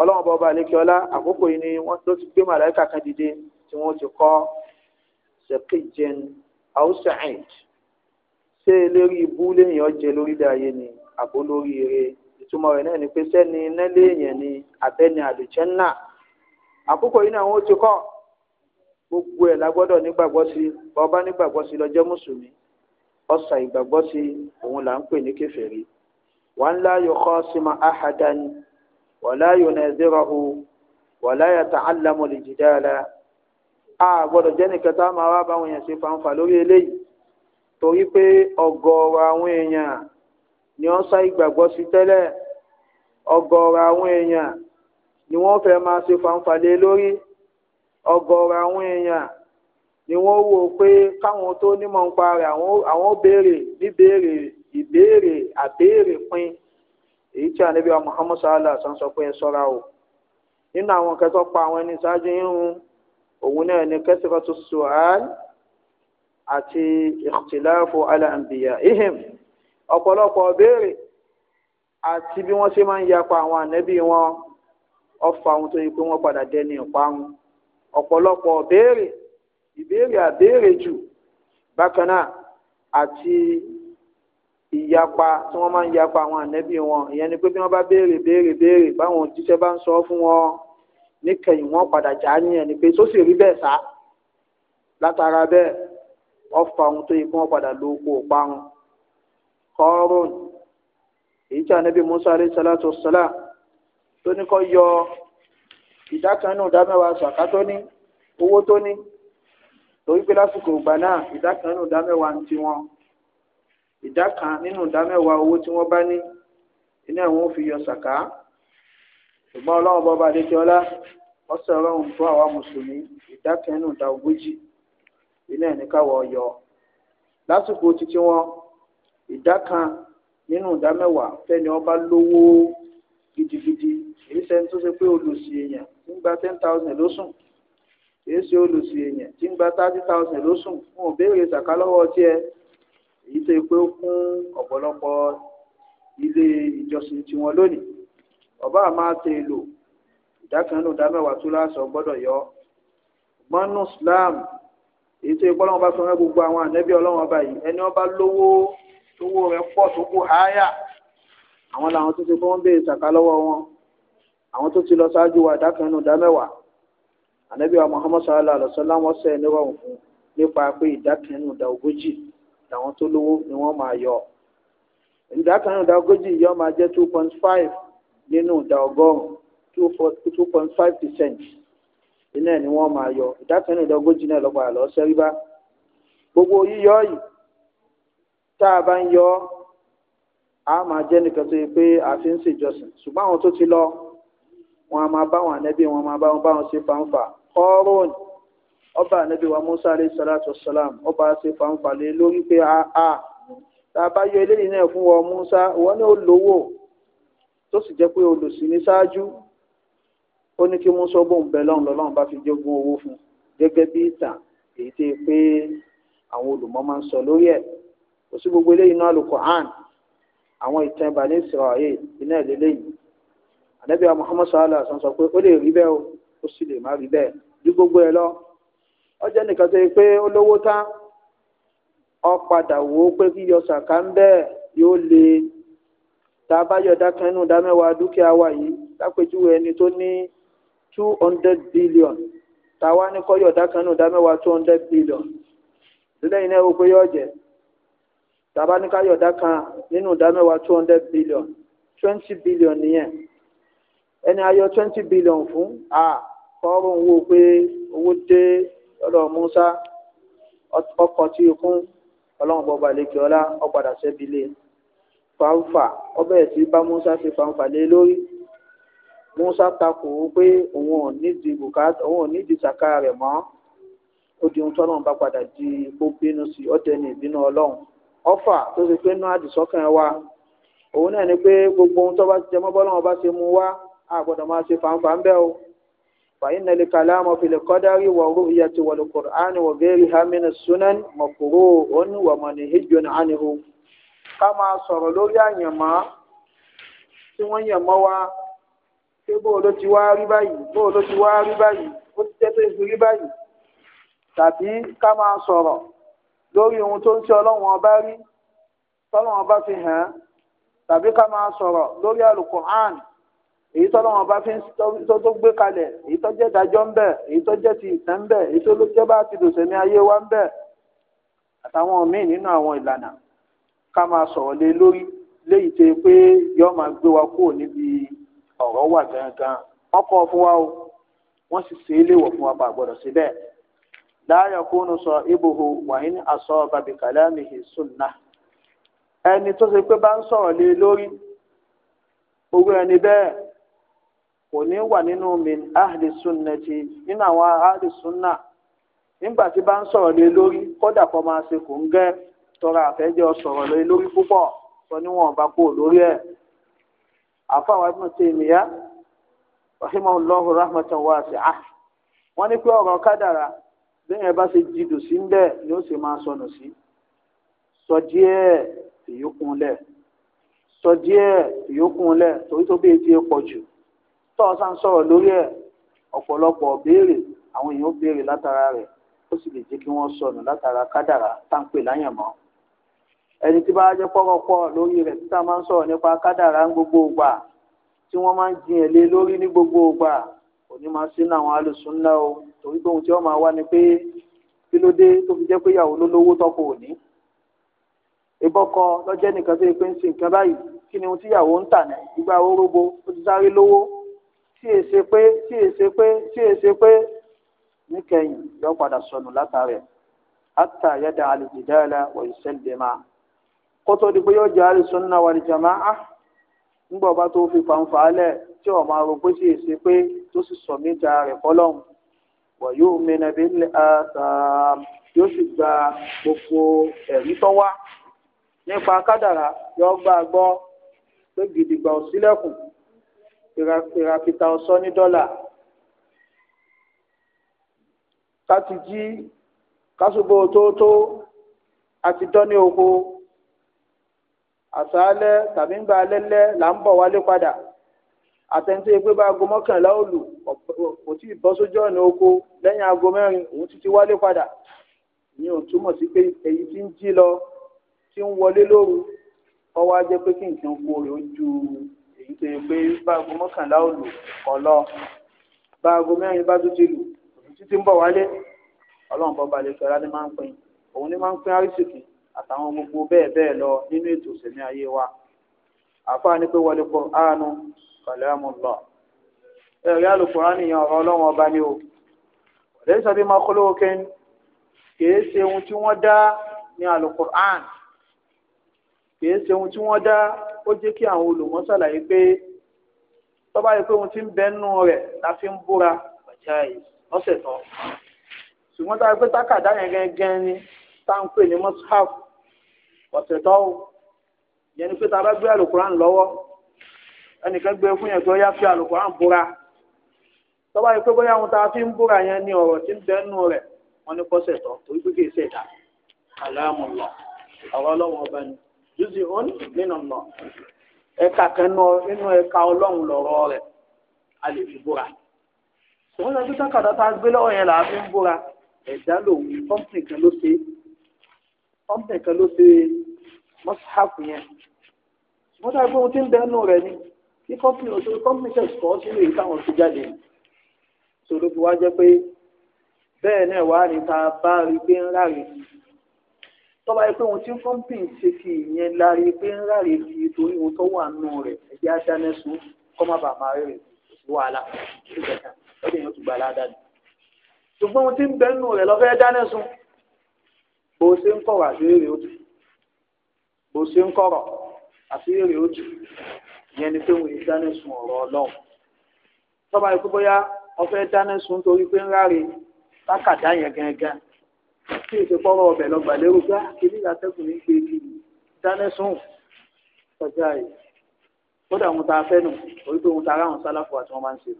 ọlọ́run bọba àlékiọlá àkókò yìí ni wọ́n ló ti gbé màláìka kan dìde tí wọ́n ti kọ́ ṣèkìjẹn ausaid ṣé lórí ibú léèyàn jẹ lórí dàáyé ni àbó lórí eré ìtumọ̀ rẹ̀ náà ni pé sẹ́ni iná léèyàn ni abẹ́ni àlùjẹ́nnà àkókò yìí náà wọ́n ti kọ́ gbogbo ẹ̀ la gbọ́dọ̀ nígbàgbọ́ sí bọ́ọ̀bá nígbàgbọ́ sí lọ mùsùlùmí ọ̀sà ìgbàgbọ́ sí òun là ń pè ní kèfèrí wọn la yukhasima ahadan wala yunazirahu wala yata'allamu al-jidala a gbọ́dọ̀ jẹ́ nìkan tá a máa wá báwọn èèyàn ṣe fanfa lórí eléyìí torí pé ọ̀gọ̀ọ̀rọ̀ àwọn èèyàn ni wọ́n sá ìgbàgbọ́ sí tẹ́lẹ̀ ọ̀gọ̀ọ̀rọ̀ àwọn èèyàn ni wọ́n fẹ́ máa ṣe fanfa lé lórí ọ̀gọ̀ọ̀rọ̀ àwọn èèyàn ni wọ́n wò ó pé káwọn tó nímọ̀ ń pa rẹ̀ àwọn béèrè níbéèrè ìbéèrè àbéèrè pin èyí tí ànábì wa Muhammad sallallahu alaihi wasallam sọ pé ẹ ṣọ́ra o nínú àwọn nǹkan tó pa àwọn ẹni ṣáájú irun òun náà ni kẹsìfàtú sual àti ìtìláàfù aláǹbìyà ihim ọ̀pọ̀lọpọ̀ béèrè àti bí wọ́n ṣe máa ń yapa àwọn ànábì wọn ọ̀fọ̀ àwọn tó yẹ pé wọ́n padà dẹni ìparun ọ̀pọ̀lọpọ̀ béèrè ìbéèrè àbéèrè jù bákan náà àti ìyapa tí wọ́n máa ń yapa àwọn ànẹ́bí wọn ìyẹn ni pé bí wọ́n bá béèrè béèrè béèrè báwọn òjíṣẹ́ bá ń sọ fún wọn níkẹyìn wọn padà já níyẹn ni pé tó sì rí bẹ́ẹ̀ sá látara bẹ́ẹ̀ ọfà ohun tó yẹ kí wọ́n padà lo oko ọ̀parun kọ́rọ́n èyí tí ànẹ́bí Musa alayhi salatu wassalam tó ní kó yọ ìdá kan nù ìdá mẹ́wàá sàkátó ní owó tó ní torí pé lásìkò ìgbà náà ìdá kan nínú ìdá mẹ́wàá ń ti wọn ìdá kan nínú ìdá mẹ́wàá owó tí wọ́n bá ní iná ẹ̀wọ̀n fi yọ sàká ṣùgbọ́n ọlọ́run bọ́ba adékẹ́ọ́lá ọ̀sẹ̀ ọlọ́run fún àwa mùsùlùmí ìdá kan nínú ìdá ogójì iná ẹ̀ ní káwọ́ yọ lásìkò títí wọn ìdá kan nínú ìdá mẹ́wàá fẹ́ni ọba lówó gidigidi èyí sẹ́ni tó ṣe pé olùsí èèyàn ń gba ten thousand lóṣùn kìí ṣe olùsí èèyàn tí ń gba thirty thousand lóṣù fún òbéèrè ṣàkà lọ́wọ́ tiẹ̀ èyí tó pé ó kún ọ̀pọ̀lọpọ̀ ilé ìjọsìn tiwọn lónìí ọba àmà tẹ èlò ìdákanú ìdámẹ́wàá tó láṣọ gbọ́dọ̀ yọ mọ́nú Islam èyí tó ipọ́ lọ́wọ́ bá fẹ́ràn gbogbo àwọn ànẹ́bí ọlọ́wọ́n ọba yìí ẹni ọba lówó lówó rẹ̀ pọ̀ tó kù háyà àwọn làwọn tó ti fọ́n béèrè ṣàkà lọ́wọ́ wọn àwọn tó ti lọ ṣáájú wa ìdákanú ìdámẹ́wàá ànábì wa muhammad sallallahu alayhi wa sallam wọ́n sẹ́yìn nírọ̀rùn fún nípa pé ìdá kan ogójì làwọn tó lówó ni wọ́n máa yọ ìdá kan nínú ìdá ogójì yóò máa jẹ́ two point five nínú ìdá ọgọ́rùn two point five percent iná ni wọ́n máa yọ ìdá kan nínú ìdá ogójì náà lọ́gbà lọ́ sẹ́rí bá gbogbo yíyọ yìí tá a bá ń yọ a máa jẹ́ nìkan tó yẹ pé a fi ń ṣèjọsìn ṣùgbọ́n àwọn tó ti lọ wọn a máa bá wọn ànẹ́bí wọn a máa bá wọn bá wọn ṣe fanfa kọ́rọ́n ọba ànábì wa musa alayhi salatu wasalam ọba ṣe fanfàlẹ́ lórí pé a tá a bá yọ eléyìí náà fún wa musa wọn ni ó lówó tó sì jẹ́ pé olùsìn ní ṣáájú ó ní kí musa bóun bẹ lọ́run lọ́lọ́run bá fi jogún owó fún gẹ́gẹ́ bí ìtàn èyí tẹ́ pé àwọn olùmọ̀ máa ń sọ lórí ẹ̀ kò sí gbogbo eléyìí náà Al-Qur'an àwọn ìtàn ìbàdí Israel iná ìlélẹ́yìn ànábì wa muhammad sallallahu alaihi wasallam sọ pé ó lè rí bẹ́ẹ̀ o ó sì lè má rí bẹ́ẹ̀ ju gbogbo ẹ lọ ó jẹ́ nìkan tó yẹ pé ó lówó tán ó padà wò ó pé yíyọ sàká ń bẹ́ẹ̀ yóò le tá a bá yọ ìdá dúkìá wa yìí lápèjúwe ẹni tó ní two hundred billion tá a wá ní kọ́ yọ ìdá kan two hundred billion lẹ́yìn náà ó pé yọ jẹ́ tá a bá ní ká yọ nínú ìdá two hundred billion twenty billion nìyẹn ẹni ayọ twenty billion fún a. Ah kọ́rọ̀ ń wò pé owó dé lọ́dọ̀ Musa ọkọ̀ tí o kún ọlọ́run bọ́ba lẹ́kẹ̀ ọlá ọ̀padà sẹ́bi lé fanfa ọbẹ̀ tí bá Musa ṣe fanfa lé lórí Musa takò ó pé òun ò nídìí bùkátà òun ò nídìí sàká rẹ̀ mọ́ ó di ohun tọ́lọ́run bá padà di kó bínú sí ọ̀tẹ̀ ní ìbínú ọlọ́run ọfà tó ṣe pé nú àdìsọ́kàn wa òun náà ni pé gbogbo ohun tó bá ti jẹ mọ́ bọ́lọ́run bá ṣe mú wá a gbọ́dọ̀ máa ṣe fanfa ń bẹ́ o. فإن الكلام في القدر والرؤية والقرآن وغيرها من السنن مكروه ومنهج عنه كما sọ̀rọ̀ lórí àyànmọ́ tí wọ́n yànmọ́ wa pé bóò ló ti wá rí báyìí bóò ló ti wá rí báyìí ó ti jẹ́ tó ti rí báyìí tàbí ká máa sọ̀rọ̀ lórí ohun tó ń ṣe ọlọ́run ọba rí tọ́lọ́run ọba fi hàn án tàbí ká máa sọ̀rọ̀ lórí àlùkùránì èyí tọ́lọ́ wọn bá fi ń tó tó gbé kalẹ̀ èyí tó jẹ́ ìdájọ́ ń bẹ̀ èyí tó jẹ́ ti ìtẹ́ ń bẹ̀ èyí tó ló jẹ́ bá ti dòṣẹ́ ayé wa ń bẹ̀ àtàwọn míì nínú àwọn ìlànà ká máa sọ̀rọ̀ lé lórí léyìí tó yẹ pé máa gbé wa kúrò níbi ọ̀rọ̀ wà fún wa o wọ́n sì ṣe é léwọ̀ fún wa bá gbọ́dọ̀ sí bẹ́ẹ̀ láàyè sọ ibùhù wàhíní kò wà nínú min ahli sunnati nínú àwọn ahli sunna nígbà tí bá ń sọ̀rọ̀ lé lórí kódà kó máa ṣe kò ń gẹ́ tọrọ àfẹ́jọ sọ̀rọ̀ lé lórí púpọ̀ sọ níwọ̀n bá kú lórí ẹ̀. àfàwọn ibùn tèmíyá rahmatan ní pé ọ̀rọ̀ kádàrà bá ṣe jìdù sí ń ni sọ díẹ̀ lẹ̀ sọ díẹ̀ lẹ̀ torí tó pọ̀ tọ́ọ̀sán sọ̀rọ̀ lórí ẹ̀ ọ̀pọ̀lọpọ̀ béèrè àwọn èèyàn béèrè látara rẹ̀ ó sì lè jẹ́ kí wọ́n sọnù látara kádàrà táǹpẹ̀ láyàmọ́ ẹni tí bá jẹ́ pọ́kọ́pọ́ lórí rẹ̀ títà máa ń sọ̀rọ̀ nípa kádàrà ń gbogbo ògbà tí wọ́n máa ń jiyàn lé lórí ní gbogbo ògbà òní máa sínú àwọn alùsùn náà o torí pé ohun tí wọ́n máa wá ni pé kí ló dé tó fi jẹ́ pé ìyàwó ló lówó tọ́kọ òní ìbọkọ lọ́jẹ́ nìkan tó yẹ pé ń sin nǹkan báyìí kí ni ohun tí ìyàwó ń tà ní tí è ṣe pé tí è ṣe pé tí è ṣe pé níkẹyìn yọ padà sọnù látàrí àtà yàda àlìjìdáàlà kótó di pé yóò jẹ́ àlìsúnnà wal jamaa ńgbà ọba tó fi fanfa tí ọ̀ máa ro pé tí è ṣe pé tó sì sọ níta rẹ̀ fọlọ́hún wọ̀nyí gba gbogbo ẹ̀rí ìràkìtà ọ̀sọ́ ní dọ́là ká ti jí kásùbò tóótó àti dọ́ní oko àṣálẹ́ tàbí ń ba alẹ́lẹ́ là ń bọ̀ wálé padà àtẹ̀ntì pé bá aago mọ́kànlá òlù kò tí ì bọ́ sójú ọ̀nà oko lẹ́yìn aago mẹ́rin òun ti ti wálé padà ni ò túmọ̀ sí pé èyí tí ń jí lọ tí ń wọlé lóru ọwọ́ á pé kí nǹkan kú orí ojú èyí tó yẹ pé báago mọ́kànlá ò lò kọ́ lọ báago mẹ́rin bá tún ti lù títí ń bọ̀ wálé ọlọ́run bọ́ balẹ̀ fẹ́ra ní máa ń pín òun ní máa ń pín àrísìkì àtàwọn gbogbo bẹ́ẹ̀ bẹ́ẹ̀ lọ nínú ètò ìsẹ̀mí ayé wa àfáà ní pé wọlé pọ̀ áànú kalamullah ẹ̀rí àlùkùránì yan ọ̀rọ̀ ọlọ́run ọba ni o ọ̀dẹ́ sọ́bí máa kólówó kẹ́ń kìí ṣe ohun tí wọ́n dá ní àlùkùránì kìí ṣe ohun tí wọ́n dá ó jẹ́ kí àwọn olùmọ̀ ṣàlàyé pé tọ́ba yìí pé ohun tí ń bẹ́nu rẹ̀ la fi ń búra ọ̀jà yìí lọ́sẹ̀ tán ṣùgbọ́n tá a pé tákàdá yẹn gẹ́gẹ́ ni tá ń pè ní mọ́sáf ọ̀sẹ̀ tán o yẹn ni pé tá a bá gbé àlùkùrán lọ́wọ́ ẹnìkan gbé fún yẹn pé ó yá fi àlùkùrán búra tọ́ba yìí pé bóyá ohun tá a fi ń búra yẹn ni ọ̀rọ̀ tí ń bẹ́nu rẹ̀ wọ́n ní kọ́sẹ̀ tán torí pé kì í ṣẹ̀dá àlámù lọ ọ̀rọ̀ ọlọ́wọ́n ọba ni jùsì òun nínú nà ẹ̀ka kan nínú ẹ̀ka ọlọ́run lọ́rọ̀ rẹ̀ a lè fi búra òun lọ́jọ́ sákàdá tá a gbé lọ́wọ́ yẹn là á fi ń búra ẹ̀dá lòun kọ́mpìnì kan ló ṣe kọ́mpìnì kan ló ṣe mọ́sáàpù yẹn wọ́n dá gbé ohun tí ń bẹ nù rẹ̀ ni kí kọ́mpìnì òṣèlú kọ́mpìnì tẹ̀ sọ ọ́ sínú èyí táwọn fi jáde sọ̀rọ̀ fi wá jẹ́ pé bẹ́ẹ̀ náà wà ní ta bá rí pé ń rárí tọ́ba yìí pé òun tí fọ́npìn ṣe fi ìyẹn láre pé ń ráre fi torí ohun tó wà nù rẹ̀ ẹ̀jẹ̀ adáná sun kọ́ má bàa máa rẹ̀ sí wàhálà ìgbẹ̀ka lọ́dẹ̀ yẹn ó ti gbà ládàá ni. ṣùgbọ́n ohun tí ń bẹ nù rẹ̀ lọ́fẹ́ dáná sun bó ṣe ń kọ̀rọ̀ àṣírí ó tù bó ṣe ń kọ̀rọ̀ àṣírí ó tù ìyẹn ni pé òun yìí dáná sun ọ̀rọ̀ ọlọ́run tọ́ba yìí pé bóyá ọfẹ́ dáná sun torí pé ń kí èsì pọ́nrọ́ ọbẹ̀ lọ́gbà lérò gbá kiri atẹ́kùn ní pé kí dáná sùn ọjà yìí kódà òun ta fẹ́ nù orí pé òun ta ara àwọn sálàfù àti wọn máa ń ṣe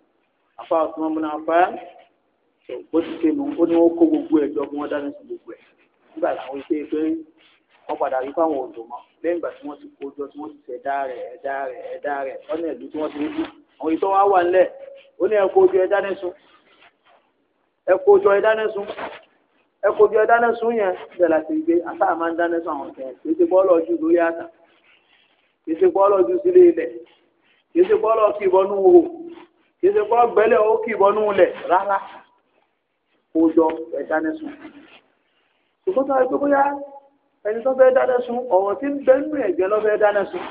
àfa ọ̀tún wọn múná afá bó ti ṣe nù ó ní wọn kó gbogbo ẹ̀ jọ kí wọ́n dáná sùn gbogbo ẹ̀ nígbà làwọn ṣe pé wọ́n padà rí fáwọn ọ̀dọ́ mọ́ lẹ́yìn ìgbà tí wọ́n ti kó jọ tí wọ́n ti ṣẹ̀dá rẹ̀ ẹ̀dá rẹ̀ ẹ̀dá rẹ̀ ọ̀nà ìlú tí wọ́n ti rí àwọn ìtọ́ wa wà nílẹ̀ ó ní ẹ̀kọ́ ojú ẹ̀dá nẹ́sùn ẹ̀kọ́ ojú ẹ̀dá nẹ́sùn ẹ kò jọ dáná sun yẹn bẹ́ẹ̀ láti gbé àtà máa ń dáná sun àwọn kẹ̀yìn kì í ṣe bọ́ọ̀lù ọjọ́ lórí àtà kì í ṣe bọ́ọ̀lù ọjọ́ sílé ilẹ̀ kì í ṣe bọ́ọ̀lù kì ìbọnú wò kì í ṣe bọ́ọ̀lù gbẹ́lẹ̀ ó kì ìbọnú lẹ̀ rárá kò jọ ẹ̀ dáná sun. ṣùgbọ́n tó a gbé bóyá ẹni tó fẹ́ dáná sun ọ̀rọ̀ tí ń bẹ́ nínú ẹ̀jẹ̀ lọ́ dáná sun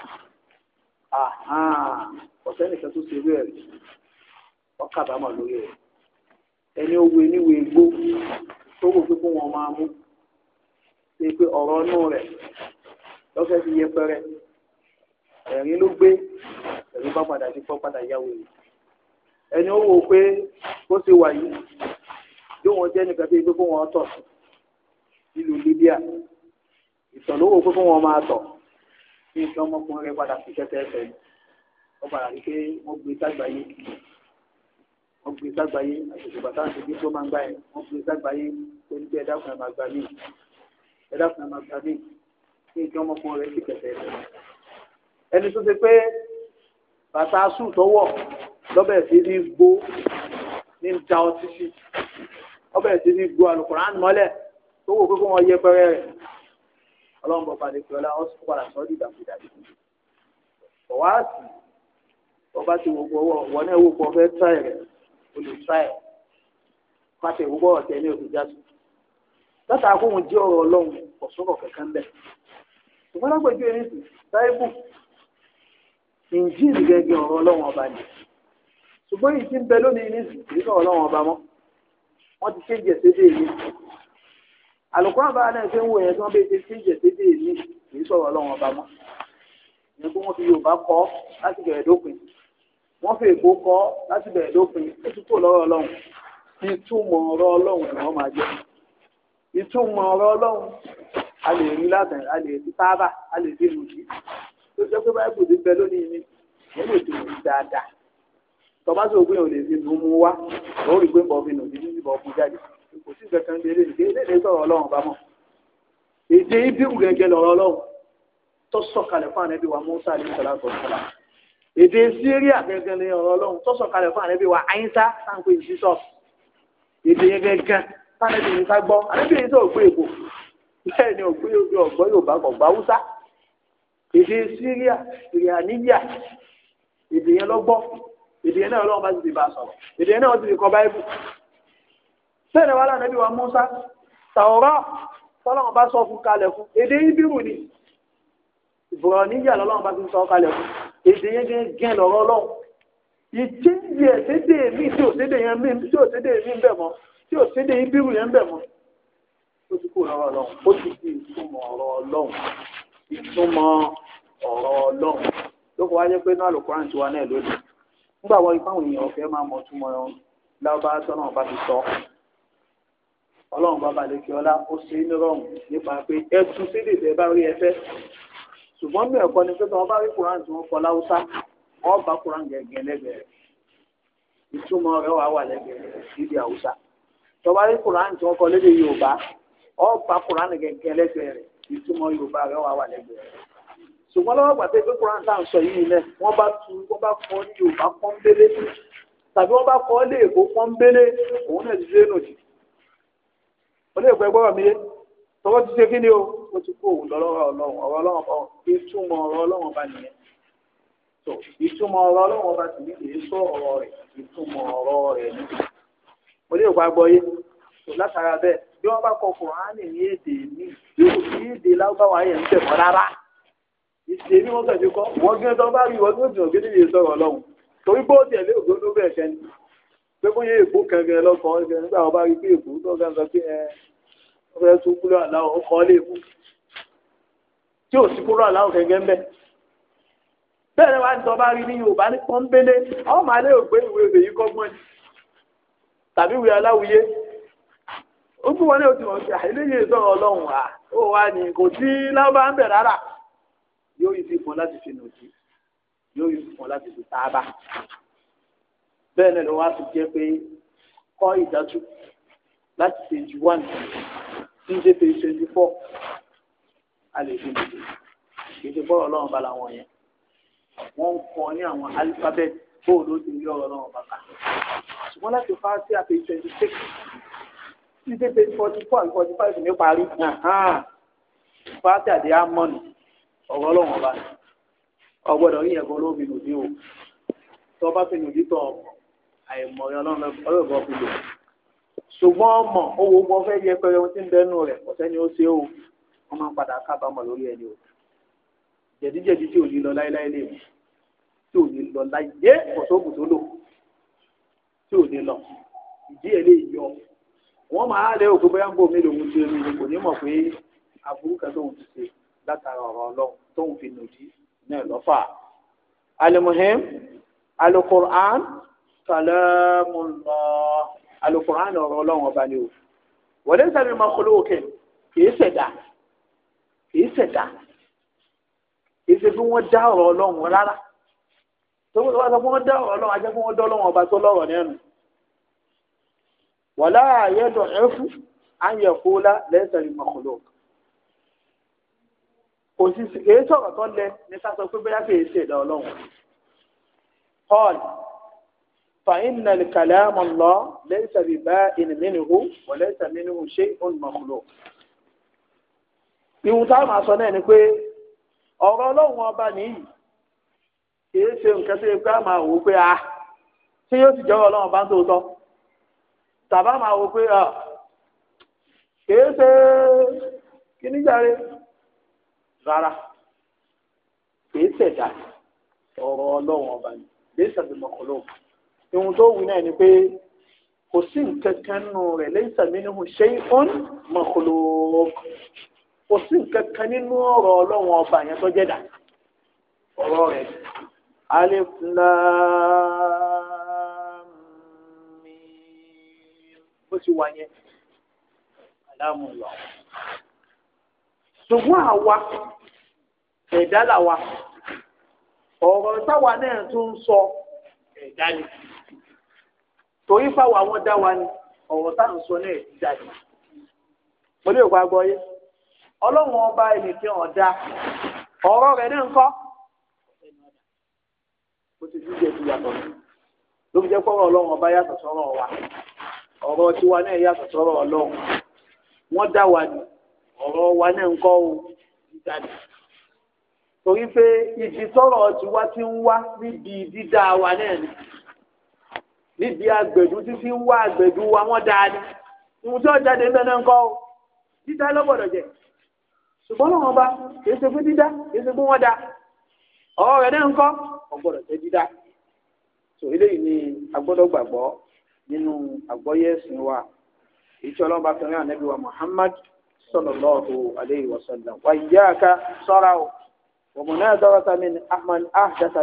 ọ̀sẹ̀ nìkan tó ṣe rú ẹ̀rí ọkàbámọ̀ lórí ẹ̀ ẹni ó wo eniwe tó wù pé kó wọn máa mú ṣe pé ọ̀rọ̀ inú rẹ̀ lọ́fẹ̀ẹ́ fi yẹpẹrẹ ẹ̀rín ló gbé ẹ̀rín bá padà sí fọ́ padà yáwó yìí ẹni ó wò pé bó ṣe wà yìí yóò wọn jẹ́ nìkan tó yẹ pé kó wọn tọ̀ nílùú Libya ìtàn ló wò pé kó wọn máa tọ̀ kí nǹkan ọmọkùnrin rẹ̀ padà fi kẹ́tẹ́ ẹsẹ̀ ọba àríkẹ́ wọn gbé ságbáyé wọ́n gbé ságbáyé ìgbà táwọn ṣègbè tó máa ń gbá yẹn wọ́n gbé ságbáyé pẹ̀lú pé ẹ̀dá kan máa gbà mí ẹ̀dá kan máa gbà mí kí ìjọ ọmọkùnrin rẹ̀ sì kẹ̀kẹ́ rẹ̀. ẹni tó ṣe pé bàtà sùn tọwọ́ lọ́bẹ̀ sí ní gbó ní da ọtí sí ọbẹ̀ sí ní gbó alùpùpù mọ́lẹ̀ tó wò pé kó wọ́n yẹ pẹ́rẹ́ rẹ̀ ọlọ́run bọ̀ padà pẹ̀lú àwọn sọ padà sọ ọ́ ọwọ́ àti ọba ti wò pọ̀ wọ́n náà wò pọ̀ fẹ́ tá ẹ̀rẹ̀ o lè tra ẹ̀ pàṣẹ ìwúgbọ́ ọ̀tẹ̀ ní òkè jásù látà akóhun jẹ́ ọ̀rọ̀ ọlọ́run ọ̀sọ́rọ̀ kankan bẹ̀ ṣùgbọ́n lápẹ̀jú ẹni sì báíbù ìjìn gẹ́gẹ́ ọ̀rọ̀ ọlọ́run ọba ni ṣùgbọ́n ìjì ń bẹ lónìí ní ìsìnkú ọlọ́run ọba mọ́ wọ́n ti ṣe ìjẹ̀sẹ̀ dé èmi àlùkò àbá náà ṣe ń wò yẹn tí wọ́n bẹ ṣe ṣe ìjẹ̀sẹ̀ dé èmi kì í ọba mọ́ ìyẹn kó wọ́n fi Yorùbá kọ́ láti bẹ̀rẹ̀ dópin wọ́n fi èkó kọ́ láti bẹ̀rẹ̀ lópin òtútù lọ́rọ̀ ọlọ́run ìtumọ̀ ọ̀rọ̀ ọlọ́run ni wọ́n máa jẹ́ ìtumọ̀ ọ̀rọ̀ ọlọ́run a lè rí látàn a lè rí tábà a lè rí lùdí tó jẹ́ pé báyìí kò ní bẹ lónìí ni wọ́n lè dùn ní dáadáa tọ́ba tó gbé òun lè fi nù mú wá ó rí pé bọ̀ fi nù ní bíbọ̀ fún jáde kò sí kankan bí eléyìí eléyìí sọ̀rọ̀ ọlọ́run bá mọ̀ èdè ibi kù gẹ́gẹ́ lọ́rọ̀ ọlọ́run tó sọ̀kalẹ̀ fún ànábì wa Musa alayhi salatu wa salam èdè Syria gẹ́gẹ́ ni ọ̀rọ̀ Ọlọ́run tó sọ̀kalẹ̀ fún àrẹ́bí wa àyínsá sáǹpé jesus èdè yẹn gẹ́gẹ́ sáǹpé nísá gbọ́ àrẹ́bí yìí tó gbé èbò bẹ́ẹ̀ ni ògbé ògbé ọ̀gbọ́ Yorùbá ọ̀gbá Haúsá èdè Syria Syria níyà èdè yẹn lọ́gbọ́ èdè yẹn náà Ọlọ́run bá ti fi bá sọ̀rọ̀ èdè yẹn náà ti fi kọ́ báyìí sẹ́ẹ̀dẹ̀ wàhálà àrẹ́bí wa Musa tàwọ̀rọ̀ tọ́lọ́run bá sọ fún kalẹ̀ fún èdè Híbírù ni ìfòrò níjà lọ́lọ́run bá ti ń sọ kalẹ̀ fún èdè yẹn gẹ́gẹ́ lọ́rọ́ ọlọ́run ìchéjì ẹ̀ sédè mí tí ò sédè yẹn mí tí ò sédè mí ń bẹ̀ mọ́ tí ò sédè yín bírù yẹn ń bẹ̀ mọ́ ó ti kú ọ̀rọ̀ ọlọ́run ó ti di ìtumọ̀ ọ̀rọ̀ ọlọ́run ìtumọ̀ ọ̀rọ̀ ọlọ́run ló kọ́ wáyé pé náà lùkúrán tiwa náà lónìí nígbà wọ ipá àwọn èèyàn ọ̀fẹ́ máa mọ túmọ̀ ẹ̀rọ lábá tọ́nà bá ọlọ́run bá balẹ̀ kí ọlá ó ṣe é nírọ̀rùn nípa pé ẹ tún sédè tẹ bá rí ẹ fẹ́ ṣùgbọ́n bí ẹ̀kọ́ ni pé tí wọ́n bá rí kuran tí wọ́n kọ láwùsá wọ́n bá kuran gẹ̀gẹ́ lẹ́gbẹ̀ẹ́ rẹ̀ ìtumọ̀ rẹ̀ wà wà lẹ́gbẹ̀ẹ́ rẹ̀ síbi àwùsá tí wọ́n bá rí kuran tí wọ́n kọ lédè yorùbá wọ́n bá kuran gẹ̀gẹ́ lẹ́gbẹ̀ẹ́ rẹ̀ ìtumọ̀ yorùbá rẹ̀ wà wà lẹ́gbẹ̀ẹ́ rẹ̀ ṣùgbọ́n lọ́wọ́ gbàtẹ́ pé kuran tá à ń sọ yìí lẹ̀ wọ́n bá tu wọ́n bá kọ́ ní yorùbá pọ́nbélé tàbí wọ́n bá kọ́ lé èkó pọ́nbélé òun náà ti dé nòjì olóògbé gbọ́dọ̀ mi tọwọ́ ti ṣe kí ni o ó ti kó òun lọ́wọ́ ọlọ́run ọ̀rọ̀ ọlọ́run ọ̀ ìtumọ̀ ọ̀rọ̀ ọlọ́run ọba nìyẹn tó ìtumọ̀ ọ̀rọ̀ ọlọ́run ọba sì ní kìí sọ ọ̀rọ̀ rẹ̀ ìtumọ̀ ọ̀rọ̀ rẹ̀ ni mo ní ìpa gbọ́ yé tó látara bẹ́ẹ̀ bí wọ́n bá kọ kùránì ní èdè mi yóò ní èdè lágbàwá yẹn ń tẹ̀kọ́ rárá ìṣe ni wọ́n kẹ̀sí kọ́ wọ́n gé tó bá rí wọ́n tó dùn gidi yìí sọ̀rọ̀ ọlọ́run torí bó tẹ̀lé ògbónú bẹ́ẹ̀ kẹ́ni pé bóyá èkó kẹ̀kẹ́ lọ́kọ̀ọ́ nígbà wọn bá rí pé èkó tó kàn pé ẹ ọfẹ tó kúrò aláwọ ọkọ lè mú tí ò sí kúrò aláwọ gẹ́gẹ́ ń bẹ bẹ́ẹ̀ wá ní tọba rí ní Yorùbá ní pọnbélé àwọn máa lérò pé ìwé ìwé yìí kọ́gbọ́n ni tàbí ìwé aláwùyé ó tún wọlé òtún ọjà eléyìí sọ̀rọ̀ Ọlọ́run à ó wà ní kò sí lábá ń bẹ rárá yóò yí sí fún láti fi nòjì yóò yí sí fún láti fi tábà bẹ́ẹ̀ ni ló wá fi jẹ́ pé kọ́ ìdájú láti ṣe ju wà nìyẹn tí ń ṣe pé twenty four a lè fi dìde ìdí bọ́ọ̀rọ̀ ọlọ́run bá làwọn yẹn wọ́n ń kọ́ ní àwọn alifábẹ́ẹ̀tì bóòlù ó ti rí ọ̀rọ̀ ọlọ́run bàbá ṣùgbọ́n láti fa sí àpè twenty six tí dé pé forty four àti forty five ní parí fa sí àdé amọ́nù ọ̀rọ̀ ọlọ́run ọba ni ọgbọ́dọ̀ rí ẹ̀gbọ́n lómi nùdí o tọ́ bá fi nùdí tọ̀ àìmọ̀ ọlọ́run ọlọ́run ọba fi lò ó ṣùgbọ́n ọmọ owó gbọ́ fẹ́ yẹ pé ohun tí ń bẹnu rẹ̀ ọ̀sẹ́ ni ó ṣe o wọ́n máa ń padà kábàámọ̀ lórí ẹni o jẹ̀díjẹ̀dí tí ò ní lọ láéláé lè mú tí ò ní lọ láyé ọ̀ṣọ́gùn tó lò tí ò ní lọ ìdí ẹ̀ lè yọ wọ́n máa lé òkú bóyá ń bò mí lòun ti omi ni kò ní mọ̀ pé aburú kan tóun ti ṣe látara ọ̀rọ̀ ọlọ́run tóun fi nòdì náà lọ́fà. alimuhim alukur'an kalamullah alukur'an ọ̀rọ̀ ọlọ́run ọba ni o wọlé sẹ́mi máa kọ́ lówó kẹ́ kìí ṣẹ̀dá kìí ṣẹ̀dá kìí ṣe bí wọ́n dá ọ̀rọ̀ ọlọ́run rárá tó wọ́n sọ pé wọ́n dá ọ̀rọ̀ ọlọ́run ajẹ́ pé wọ́n dá ọlọ́run ọba tó lọ́rọ̀ nẹ́nu wọ́lá àyẹ̀dọ̀ ẹ̀fù ayẹ̀kọ́lá lẹ́sẹ̀rì mọ̀kọ́lọ́ kò sì kìí sọ̀rọ̀ tó ní sásọ pé bóyá kìí ṣẹ̀dá ọlọ́run فإن الكلام الله ليس ببائن منه وليس منه شيء مخلوق ìhun tá a máa sọ náà ni pé ọ̀rọ̀ ọlọ́run ọba nìyí kìí ṣe nǹkan tó yẹ pé a máa wò ó pé a ah, ṣé yóò sì jọ́rọ̀ ọlọ́run ọba ń tòótọ́ tàbá máa wò ó pé a ah, kìí ṣe kíníjàre rárá kìí ṣẹ̀dá ọ̀rọ̀ ọlọ́run ọba nìyí lè ṣàbímọ kọlọ́ọ̀bù ohun tó wí náà ni pé kò sí nǹkan kan nù rẹ̀ laysa minhu shay'un makhluq kò sí nǹkan kan nínú ọ̀rọ̀ ọlọ́run ọba yẹn tó jẹ́dà ọ̀rọ̀ rẹ̀ alif lam mim bó ti wà yẹn aláàmú lọ. ṣùgbọ́n àwa ẹ̀dá làwa ọ̀rọ̀ táwa náà tún ń sọ ẹ̀dá nìkan. torí fáwọn àwọn dá wa ni ọ̀rọ̀ tá à ń sọ náà ti jáde ọlọ́run ọba ẹnìkan ọ̀dà ọ̀rọ̀ rẹ̀ ní nkọ́ ti yàtọ̀ ló fi ọba yàtọ̀ sọ́rọ̀ wa ọ̀rọ̀ tiwa náà yàtọ̀ sọ́rọ̀ wọ́n dá wa ni ọ̀rọ̀ wa náà nkọ́ jáde torí níbi agbẹ̀dú títí ń wá agbẹ̀dú wa wọ́n dáa ni ìwù tí wọ́n jáde ń bẹ́ẹ̀ náà ń kọ́ ọ dídá lọ́gbọ̀dọ̀ jẹ ṣùgbọ́n lọ́wọ́n bá kìí ṣe fún dídá kìí ṣe fún wọ́n da ọ̀rọ̀ rẹ̀ náà ń kọ́ ọ̀gbọ̀dọ̀ jẹ dídá tó eléyìí ni agbọ́dọ̀ gbàgbọ́ nínú àgbọ́yé ẹ̀sìn wa èyí tí ọlọ́run bá fi ànábì wa Muhammad sallallahu alayhi wa sallam wa iyyaka sọ́ra o wa munadharata min ahman ahdatha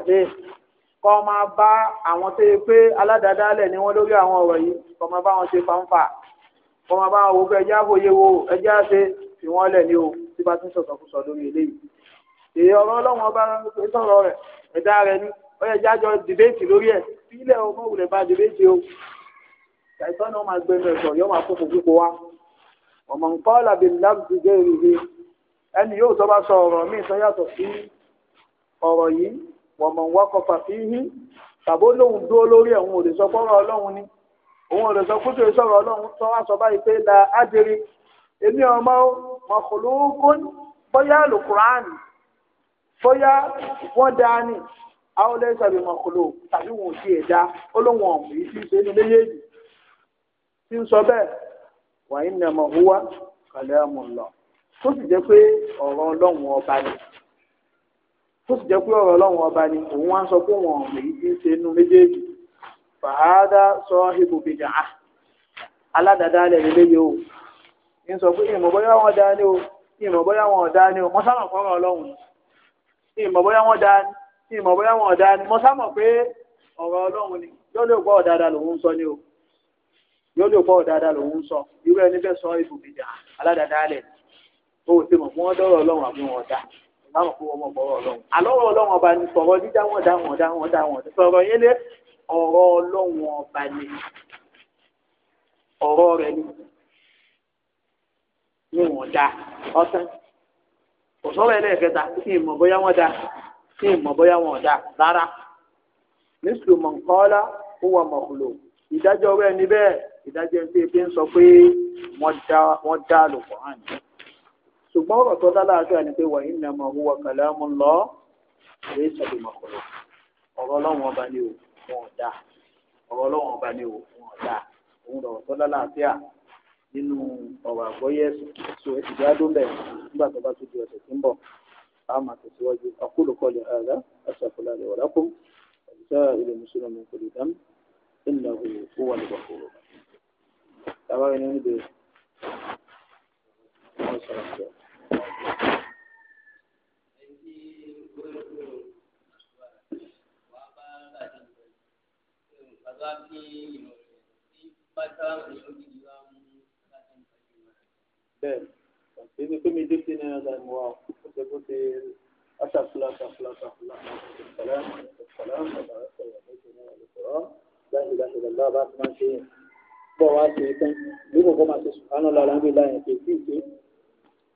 kọ́ máa bá àwọn tó yẹ pé aládàádáálẹ̀ ni wọ́n lórí àwọn ọ̀rọ̀ yìí kọ́ máa bá wọn ṣe fanfa kọ́ máa bá wọn wo pé ẹjẹ́ àbòye wo ẹjẹ́ àṣe fi wọ́n lẹ̀ ní o tí bá tún sọ̀tọ̀ fún sọ lórí eléyìí. èyí ọ̀rọ̀ ọlọ́run ọba sọ̀rọ̀ rẹ̀ ẹ̀dá rẹ̀ ni ó yẹ jájọ dìbéètì lórí ẹ̀ sílẹ̀ ọmọ òwúlẹ̀ bá dìbéètì o ṣàìsàn náà máa gbẹnu ẹ̀sọ̀ yóò máa fún gbogbo wa ọmọ nǹkan ọ̀làbí lábùkù jẹ́ ìrìbí ẹni yóò tọ́ bá sọ ọ̀rọ̀ míì tó yàtọ̀ sí ọ̀rọ̀ wọ́n mọ̀ wá kọfà sí yí tàbó lóhùn dúró lórí ẹ̀hún ò lè sọ fọ́rọ̀ ọlọ́run ni òun ò lè sọ kútu ìsọ̀rọ̀ ọlọ́run tó wá sọ báyìí pé la ájèrè èmi ọmọ mọ̀kòlókón bóyá lùkùránì bóyá wọ́n dání àwọn olè sọ̀rọ̀ mọ̀kòló tàbí wọn ò sí ẹ̀dá olóhùn ọ̀hún yìí ti ṣe ní méjèèjì tí ń sọ bẹ́ẹ̀ wàá ní ẹ̀mọ̀ kàlẹ́ àmọ̀ lọ tó sì jẹ́ pé ọ̀rọ̀ ọlọ́run ọba ni tó sì jẹ́ pé ọ̀rọ̀ ọlọ́run ọba ni òun wá ń sọ pé wọn èyí ti ń ṣe inú méjèèjì fàhádà sọ ibò bìjà á aládàáda alẹ́ lè o ń sọ pé ìmọ̀ bóyá wọn dá ní o ìmọ̀ bóyá wọn ọ̀dá ní o mọ sámọ̀ fọ́rọ̀ ọlọ́run ìmọ̀ bóyá wọn dá ní ìmọ̀ bóyá wọn ọ̀dá ní mọ sámọ̀ pé ọ̀rọ̀ ọlọ́run ni yóò lè gbọ́ ọ̀dàdà lòun sọ ní o yóò lè gbọ́ ọ̀dàdà lòun sọ irú ẹni bẹ́ẹ̀ sọ ibò bìjà aládàáda alẹ́ o ò ti mọ̀ fún wọn láwọn kó wọn mọ̀ ọ̀rọ̀ ọlọ́run àlọ́rọ̀ ọlọ́run ọba ni sọ̀rọ̀ dídá wọn dá wọn dá wọn dá wọn sọ̀rọ̀ yẹn lé ọ̀rọ̀ ọlọ́run ọba ni ọ̀rọ̀ rẹ̀ ni ni wọ́n dá ọ̀sán òsọ̀rọ̀ ẹlẹ́ẹ̀kẹta kí n mọ̀ bóyá wọ́n dá kí n mọ̀ bóyá wọ́n dá rárá nísìlò mọ̀nkọ́lá ó wà mọ̀kùlò ìdájọ́ rẹ̀ níbẹ̀ ìdájọ́ ẹ̀ ń sọ pé wọ́n dá lùkọ́ hàn ní ṣùgbọ́n ọ̀rọ̀ tó lálàáfíà ni pé wa innama huwa kalamullah laysa bi makhluq ọ̀rọ̀ ọlọ́run ọba ni ò wọn ọ̀dà ọ̀rọ̀ ọlọ́run ọba ni ò wọn ọ̀dà òun lọ̀rọ̀ tó lálàáfíà nínú ọ̀rọ̀ àgbọ́yé ẹ̀sùn so ẹ ti dá ló bẹ̀ nígbà tó bá tó di ọ̀sẹ̀ tí ń bọ̀ a máa tẹ̀síwájú aqulu qawli hadha wá kí ìrọ̀lẹ́ tí bá sálámù ní ojú ìlú wa mú láti ń pàdé wọn. bẹ́ẹ̀ kì í ṣe pé mi dé sí náírà láì mú wa ó ṣe kó ṣe aṣàfúlà aṣàfúlà aṣàfúlà sàlámù sàlámù àbára sọ̀rọ̀ lẹ́sẹ̀ náà lọ́sọ̀rọ̀ láì láì lọ́lá bá ti máa ṣe é bọ̀ wá ṣe é tán bí kò kọ́ máa ṣe sùkánù lára ń gbé láyé kì í sì ṣe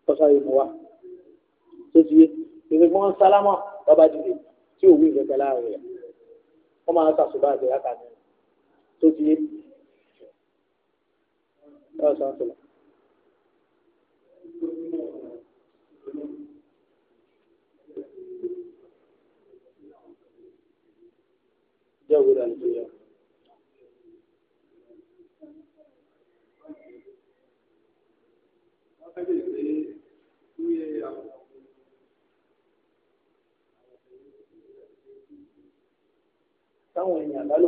kọ́sáyé mu wa tó ti yé ìrìngbọ́n sálámọ̀ bàbá dìde tí òwú ìfẹ́fẹ́ láàrin rẹ̀ wọ́n máa ń sàṣùbà àti ìyá kan ní 手机，二三十，一个人要。我感觉你不一样，咱们也马路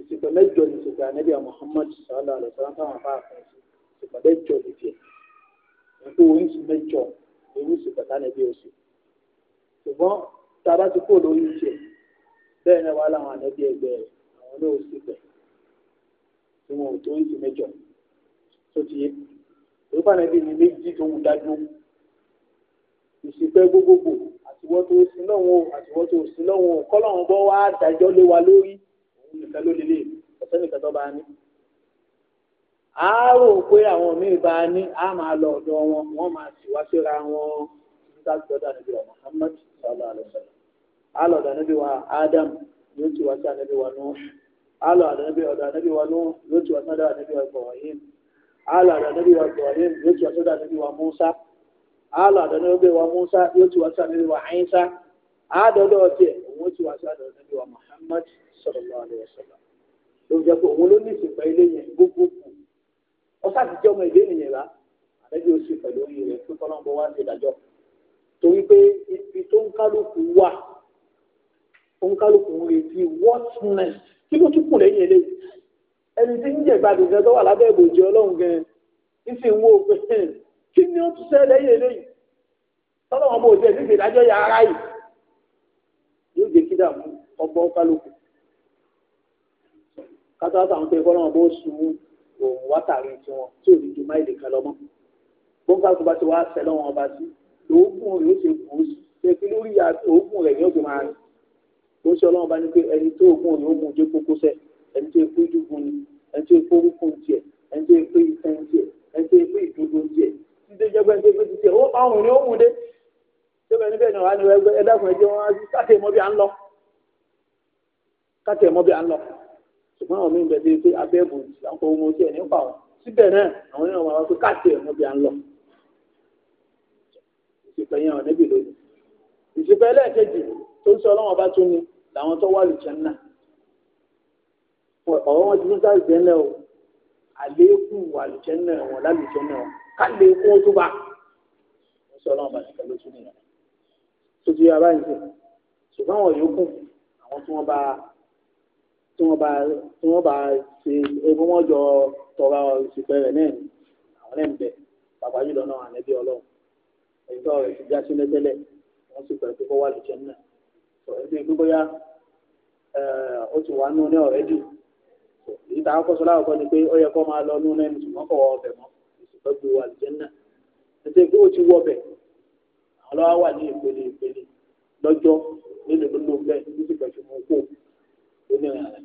ìsìnkú mẹ́jọ ní ìsìnkú anabi muhammad sallallahu alaihi wa sallam táwọn afá àfẹ ìsìnkú mẹ́jọ ní tiẹ̀ nípa oríṣi o lórí ìsìnkú tánàbí oṣù ṣùgbọ́n tá a bá ti kó lórí tiẹ̀ bẹ́ẹ̀ náà wà láwọn anabi ẹgbẹ́ rẹ̀ àwọn náà ó sì bẹ̀ tí wọn ò tó oríṣi mẹ́jọ tó o yé ìrúfà anabi ní méjì tó ń dájú ìsìnkú gbogbogbò àtiwọ́ tó sí lọ́wọ́ àtiwọ́ tó bọ́ wá dájọ́ lé wa lórí nìkan ló lélẹ̀ ọ̀sẹ̀ nìkan tó bá ní. a rò pé àwọn míì bá ní a máa lọ ọ̀dọ̀ wọn wọ́n máa sì wá síra wọn nígbà níbi wa Muhammad sallallahu alayhi wa sallam a lọ ọ̀dọ̀ níbi wa Adam yóò ti wá sí àníbi wa nù a lọ ọ̀dọ̀ níbi wa nù yóò ti wá sí àníbi wa Ibrahim a lọ ọ̀dọ̀ níbi wa Ibrahim yóò ti wá sí àníbi wa Musa àlọ́ àdánù ọgbẹ́ wa Musa yóò ti wá sí àdánù wa Àyínsá àádọ́dọ́ ọtí ẹ̀ òun ó ti wá sí àdánù wa Muhammad. Muhammad sallallahu alaihi wasallam ló ń jẹ́ pé òun ló ní ìsìnkú ilé yẹn gbogbo kù ọ̀sá ti jẹ́ ọmọ ìdí ènìyàn rà àlejò oṣù pẹ̀lú oyin rẹ̀ fún tọ́lọ́mbọ wá sí ìdájọ́ torí pé ibi tó ń kálukú wà ó ń kálukú retí what next kí ló tún kù lẹ́yìn eléyìí ẹni tí ń jẹ gbàdùn gan tó wà lábẹ́ ìbòjì ọlọ́run gan ń sì ń wò pé kí ni ó tún ṣe lẹ́yìn eléyìí tọ́lọ́mọ bò jẹ́ ìdíje ìdájọ́ ọgbọ́ kálukú kátó àtàwọn pé kọ́lọ́mọ bó sun òun wátàrí tiwọn tí ò ní ju máìlì kan lọ́mọ bóńkálukú bá ti wá sẹ́lọ̀ wọn bá sí lóògùn rẹ̀ ó ṣe kù ó sì ṣe kí lórí òògùn rẹ̀ yóò fi máa rìn ó ṣe ọlọ́run bá ní pé ẹni tó òògùn rẹ̀ òògùn jẹ́ kókó sẹ́ ẹni tó ikú dúgun ni ẹni tó ikú orúkún tiẹ̀ ẹni tó ikú ìfẹ́n tiẹ̀ ẹni tó ikú ìdúgbò tiẹ̀ títí jẹ́gbẹ́ ẹni tó ikú ti tiẹ̀ ó ọ̀hún ni ó mú dé ṣé bẹ́ẹ̀ ni bẹ́ẹ̀ ni wàá ní ẹgbẹ́ ẹdákùn ẹjẹ́ wọn á sí sáté à ń lọ káàkiri mọ́ bí a ń lọ ṣùgbọ́n àwọn míì bẹ̀rẹ̀ pé abẹ́bù àpò ohun ojú ẹ̀ nípa wọn síbẹ̀ náà àwọn èèyàn máa wá pé káàkiri mọ́ bí a ń lọ. ìṣèpẹ́ yẹn ọ̀nẹ́bì lónìí ìṣèpẹ́ ẹlẹ́ẹ̀kejì tó ń sọ ọlọ́wọ́n bá tún ni làwọn tó wà lùjẹ́ ńnà ọ̀rọ̀ wọn ti ní sáà lùjẹ́ ńnà o àlékún wà lùjẹ́ ńnà wọn lálùjẹ́ ńnà wọn tí wọ́n bá tí wọ́n bá tí wọ́n bá ṣe egun wọn jọ tọra ìsìnkẹ́ rẹ̀ náà àwọn ẹ̀ ń bẹ̀ bàbá yìí lọ́nà ànẹ́bí ọlọ́run èyí tó ọ̀rẹ́ ti já sí lẹ́tẹ́lẹ̀ wọ́n sì pẹ̀lú kókó wà lóṣẹ́ náà sọ̀rọ̀ bí gbogbo ya ó ti wà nù ní ọ̀rẹ́ dì èyí tá a kọ́ sọ láwùjọ ni pé ó yẹ kó máa lọ nù náà ṣùgbọ́n kò wọ ọbẹ̀ mọ́ ìsìnkẹ́ gbé wà lóṣẹ́ náà ètò ìgbé ti wọ lónìí ìrìnàlẹ́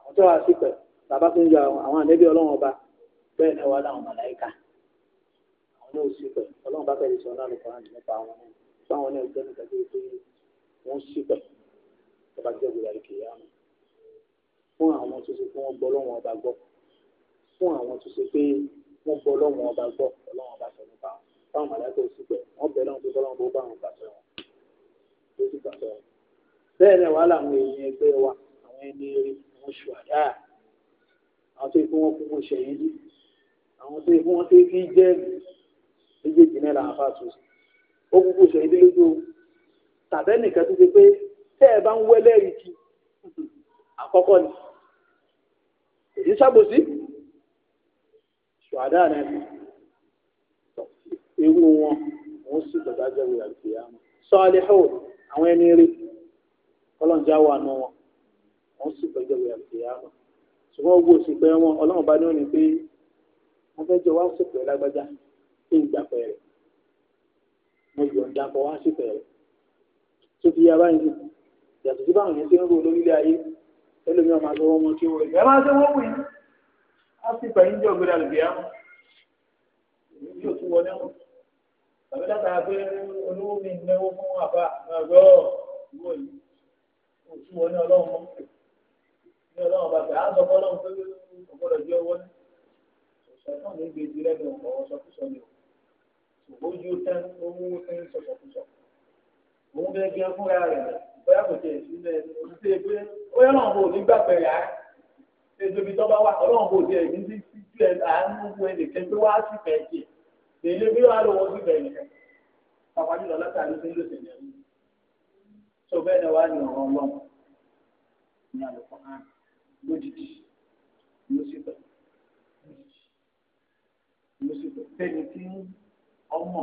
àwọn tó wà sí pẹ̀ bàbá tó ń yọ àwọn ànẹ́bí ọlọ́run ọba bẹ́ẹ̀ náà wà láwọn màláìka àwọn náà sí pẹ̀ ọlọ́run bá fẹ́ẹ́ sọ lálùkọ́ àti nípa àwọn náà fún àwọn náà jẹ́ nípa tó yẹ wọ́n sí pẹ̀ tó bá jẹ́ ìgbéyàwó kìí àmọ́ fún àwọn tó ṣe pé wọ́n gbọ́ lọ́wọ́n ọba gbọ́ fún àwọn tó ṣe pé wọ́n gbọ́ lọ́wọ́n ọba gbọ́ ọlọ́wọ́n ọba sọ nípa wọn báwọn màláìka ò sí pẹ̀ wọ́n bẹ̀ lọ́wọ́n pé bọ́lọ́wọ́n bó bá àwọn gbàtọ́ wọn bẹ́ẹ̀ náà wàhálà àwọn èèyàn ẹgbẹ́ wa ẹni rí wọn ṣùwádà àwọn tó yẹ wọn kú wọn ṣẹyìn dí àwọn tó yẹ wọn tó yẹ kí méjèèjì náà làwọn afa tó ó kú kú ṣẹyìn dí lójú nìkan tó ṣe pé tẹ́ ẹ bá ń wẹ́lẹ́ rí kí àkọ́kọ́ ni èyí sábòsí ṣùwádà náà ni ewu wọn wọn sì gbàdájọ ìyàgbé àmọ́ sọ́ọ́lì hó àwọn ẹni rí ọlọ́njà wà nù wọn wọ́n sì gbẹ́jọ́ wẹ̀ àti àmọ́ ṣùgbọ́n owó òṣìpẹ́ wọn ọlọ́run bá ní òní pé wọ́n fẹ́ jọ wá sípẹ́ lágbájá kí n gbàpẹ́ rẹ̀ mo yọ̀ǹda kọ wá sípẹ́ rẹ̀ tó fi yá báyìí yàtọ̀ sí báwọn yẹn ti ń ro lórílẹ̀ ayé ẹlòmíràn máa sọ wọn kí wọ́n rẹ̀ ẹ máa ṣe wọ́n wì á sípẹ́ yín jẹ́ ògbéra lùbíà yóò tún wọlé wọn tàbí látara pé olówó mi náwó fún àbá àgbọ̀ ìwọ yìí òtún wọlé ọlọ́run mọ́ ní ọlọ́run bá fẹ́ àǹsọ̀ kọ́ lọ́run pé kò gbọ́dọ̀ jẹ́ owó ní sọ̀tàn ní gbèjì lẹ́nu ọ̀rọ̀ sọkúsọ ni o ṣùgbọ́n ojú tán owó tán ń sọ̀sọ̀kúsọ òun bẹ́ẹ̀ gẹ́ fúnra rẹ̀ bóyá kò tiẹ̀ sí mẹ́ẹ̀ ojú tẹ̀ pé ó yẹ náà bò ní lójijì ló sì tọ̀ ló sì tọ̀ fẹ́ni tí ọmọ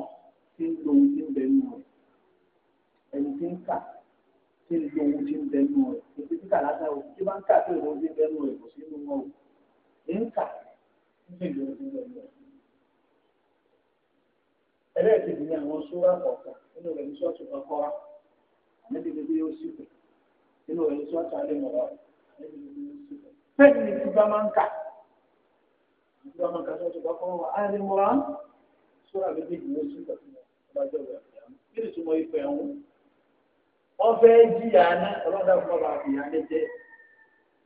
tí ń lo ohun tí ń bẹ nù rẹ̀ ẹni tí ń kà tí ń lo ohun tí ń bẹ nù rẹ̀ ètò tí kà látà o tí bá ń kà tí ohun tí ń bẹ nù rẹ̀ kò sí nínú wọn o ẹ̀ ń kà ń lo ohun tí ń bẹ nù rẹ̀ ẹlẹ́ẹ̀kejì ni àwọn sóra kọ̀ọ̀kan nínú rẹ̀ ní sọ́ọ̀tù kan kọ́ra àmì ìdílé bí yóò sì pè nínú rẹ̀ ní sọ́ọ̀tù alẹ́ mọ̀ọ́rọ̀ sẹ́yìn ní ìtura máa ń kà ìtura máa ń kà sọ́tò bá fọwọ́ wọn àyàn ní mọ́ra sọ́ra bíbí ìlú sí ìgbà tí wọ́n bá jẹ́ òwe àfihàn jìyà ọlọ́dà fún ọba àfihàn ní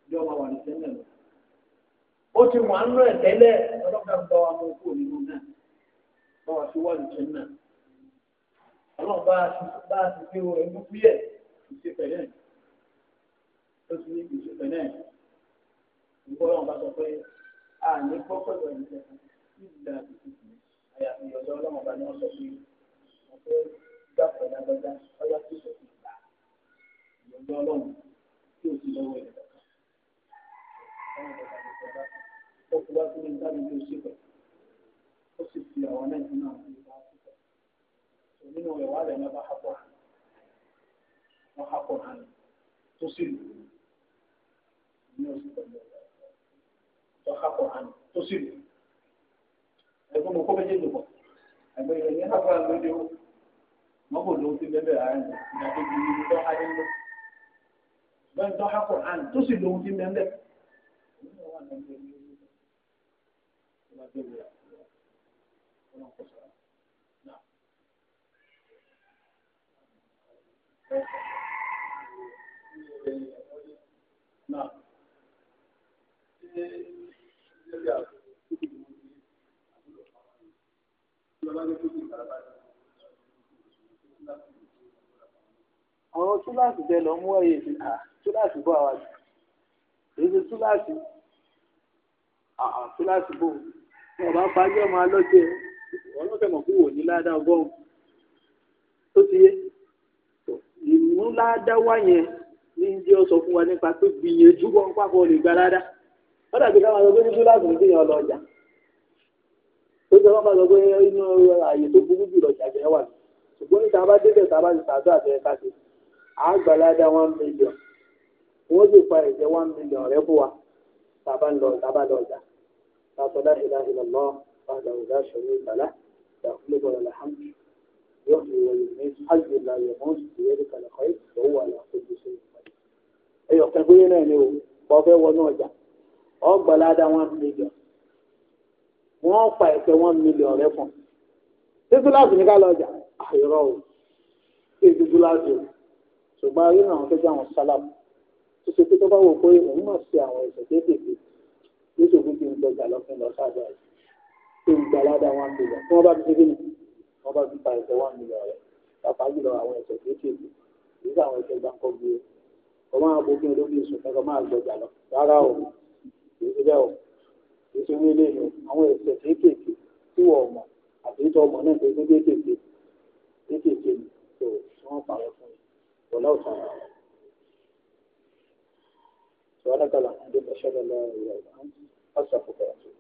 jẹ́ wà ní ó ti wà ń lọ ẹ̀tẹ́lẹ̀ tó ti ní ìṣe pẹ̀lẹ́ ìgbọ́ràn bá sọ pé a ní gbọ́ pẹ̀lú ẹni tẹ̀sán ní ìlà àyàfi ọ̀dọ́ ọlọ́run bá ní wọ́n sọ pé wọ́n fẹ́ gbà pẹ̀lú agbájá ọjọ́ tó sọ pé gbà ìyọ̀dọ́ ọlọ́run tí ò sí lọ́wọ́ ẹ̀ ó fi wá sílé nígbà tó ṣe pẹ̀ ó sì fi àwọn náà nínú àwọn ìgbà tó pẹ̀ nínú ìwádìí náà bá hapọ̀ hàn wọ́n hapọ̀ hàn tó sì lù ú ní oṣù pẹ̀lú ọ̀ka kọ̀ọ̀kan tó sì lù ẹgbẹ́ mo kọ́ méjèèjì pọ̀ ẹgbẹ́ ìrìn ní àgbà lóde ó mọ́kò ló ti bẹ́ẹ̀ ara rẹ̀ ìdàkejì ní tọ́ No ọ̀rọ̀ túláàsì bẹ́ẹ̀ lọ mú ẹ̀yẹ à túláàsì bọ́ àwa jù èyí túláàsì àà túláàsì bò wọn bá fagi ọmọ alọ́jẹ́ wọn ló fẹ̀mọ̀ kú wò ní ládàá ọgọ́rùn tó ti yé ìmúládá yẹn ní ń jẹ́ ọ sọ fún wa nípa pé gbìyànjú wọn pàpọ̀ lè gba ládàá wọ́n dàbí káwọn sọ pé ní túláàsì ní kéèyàn lọ ọjà ó sọ wọn bá sọ pé inú ààyè tó burú jù lọjà jẹ wà ṣùgbọ́n níta bá débẹ̀ tá a bá ti sàdó àtẹ̀yẹ káṣe àgbàládá one million wọ́n sì fa ẹ̀jẹ̀ one million rẹ̀ fún wa tá a bá ń lọ tá a bá lọ ọjà tá a sọ láti láti lọ lọ bá a lọ ọjà ṣòro ìgbàlá ìdàkúlẹ̀ bọ̀rọ̀ làhámù yóò fi ọgbàládà one million wọ́n pa ẹ̀sẹ̀ one million rẹ fún títí láti ní ká lọ jà àìrọ ah, o ṣé dúdú láti o ṣùgbọ́n ayé náà fẹ́ jẹ́ àwọn sálàmù tó ṣe pé tó bá wò pé òun mọ̀ sí àwọn ẹ̀sẹ̀ kéékèèké yóò ṣòfin kí n gbọ́ jà lọ́fún lọ sáájú àyè ṣé ìgbàládà one million tí wọ́n bá fi ṣe kí ni wọ́n bá fi pa ẹ̀sẹ̀ one million rẹ pàápàá jùlọ àwọn ẹ̀sẹ̀ kéékèèké nígbà àwọn ẹ̀sẹ̀ gbàǹkọ́ gbé ọmọ àbókí olóbi ìṣùn kẹ́kọ̀ọ́ máa gbọ́jà lọ rárá o kì í ṣe bẹ́ẹ̀ ilé yìí àwọn ẹ̀ṣẹ̀ kéékèèké tí wọ́n mọ̀ àti ìtọ́ ọmọ náà kì í kéékèèké kéékèèké ni tí wọ́n pààrọ̀ fún mi wọ́n láwùjọ náà. سبحانك اللهم وبحمدك أشهد أن لا إله إلا أنت أستغفرك وأتوب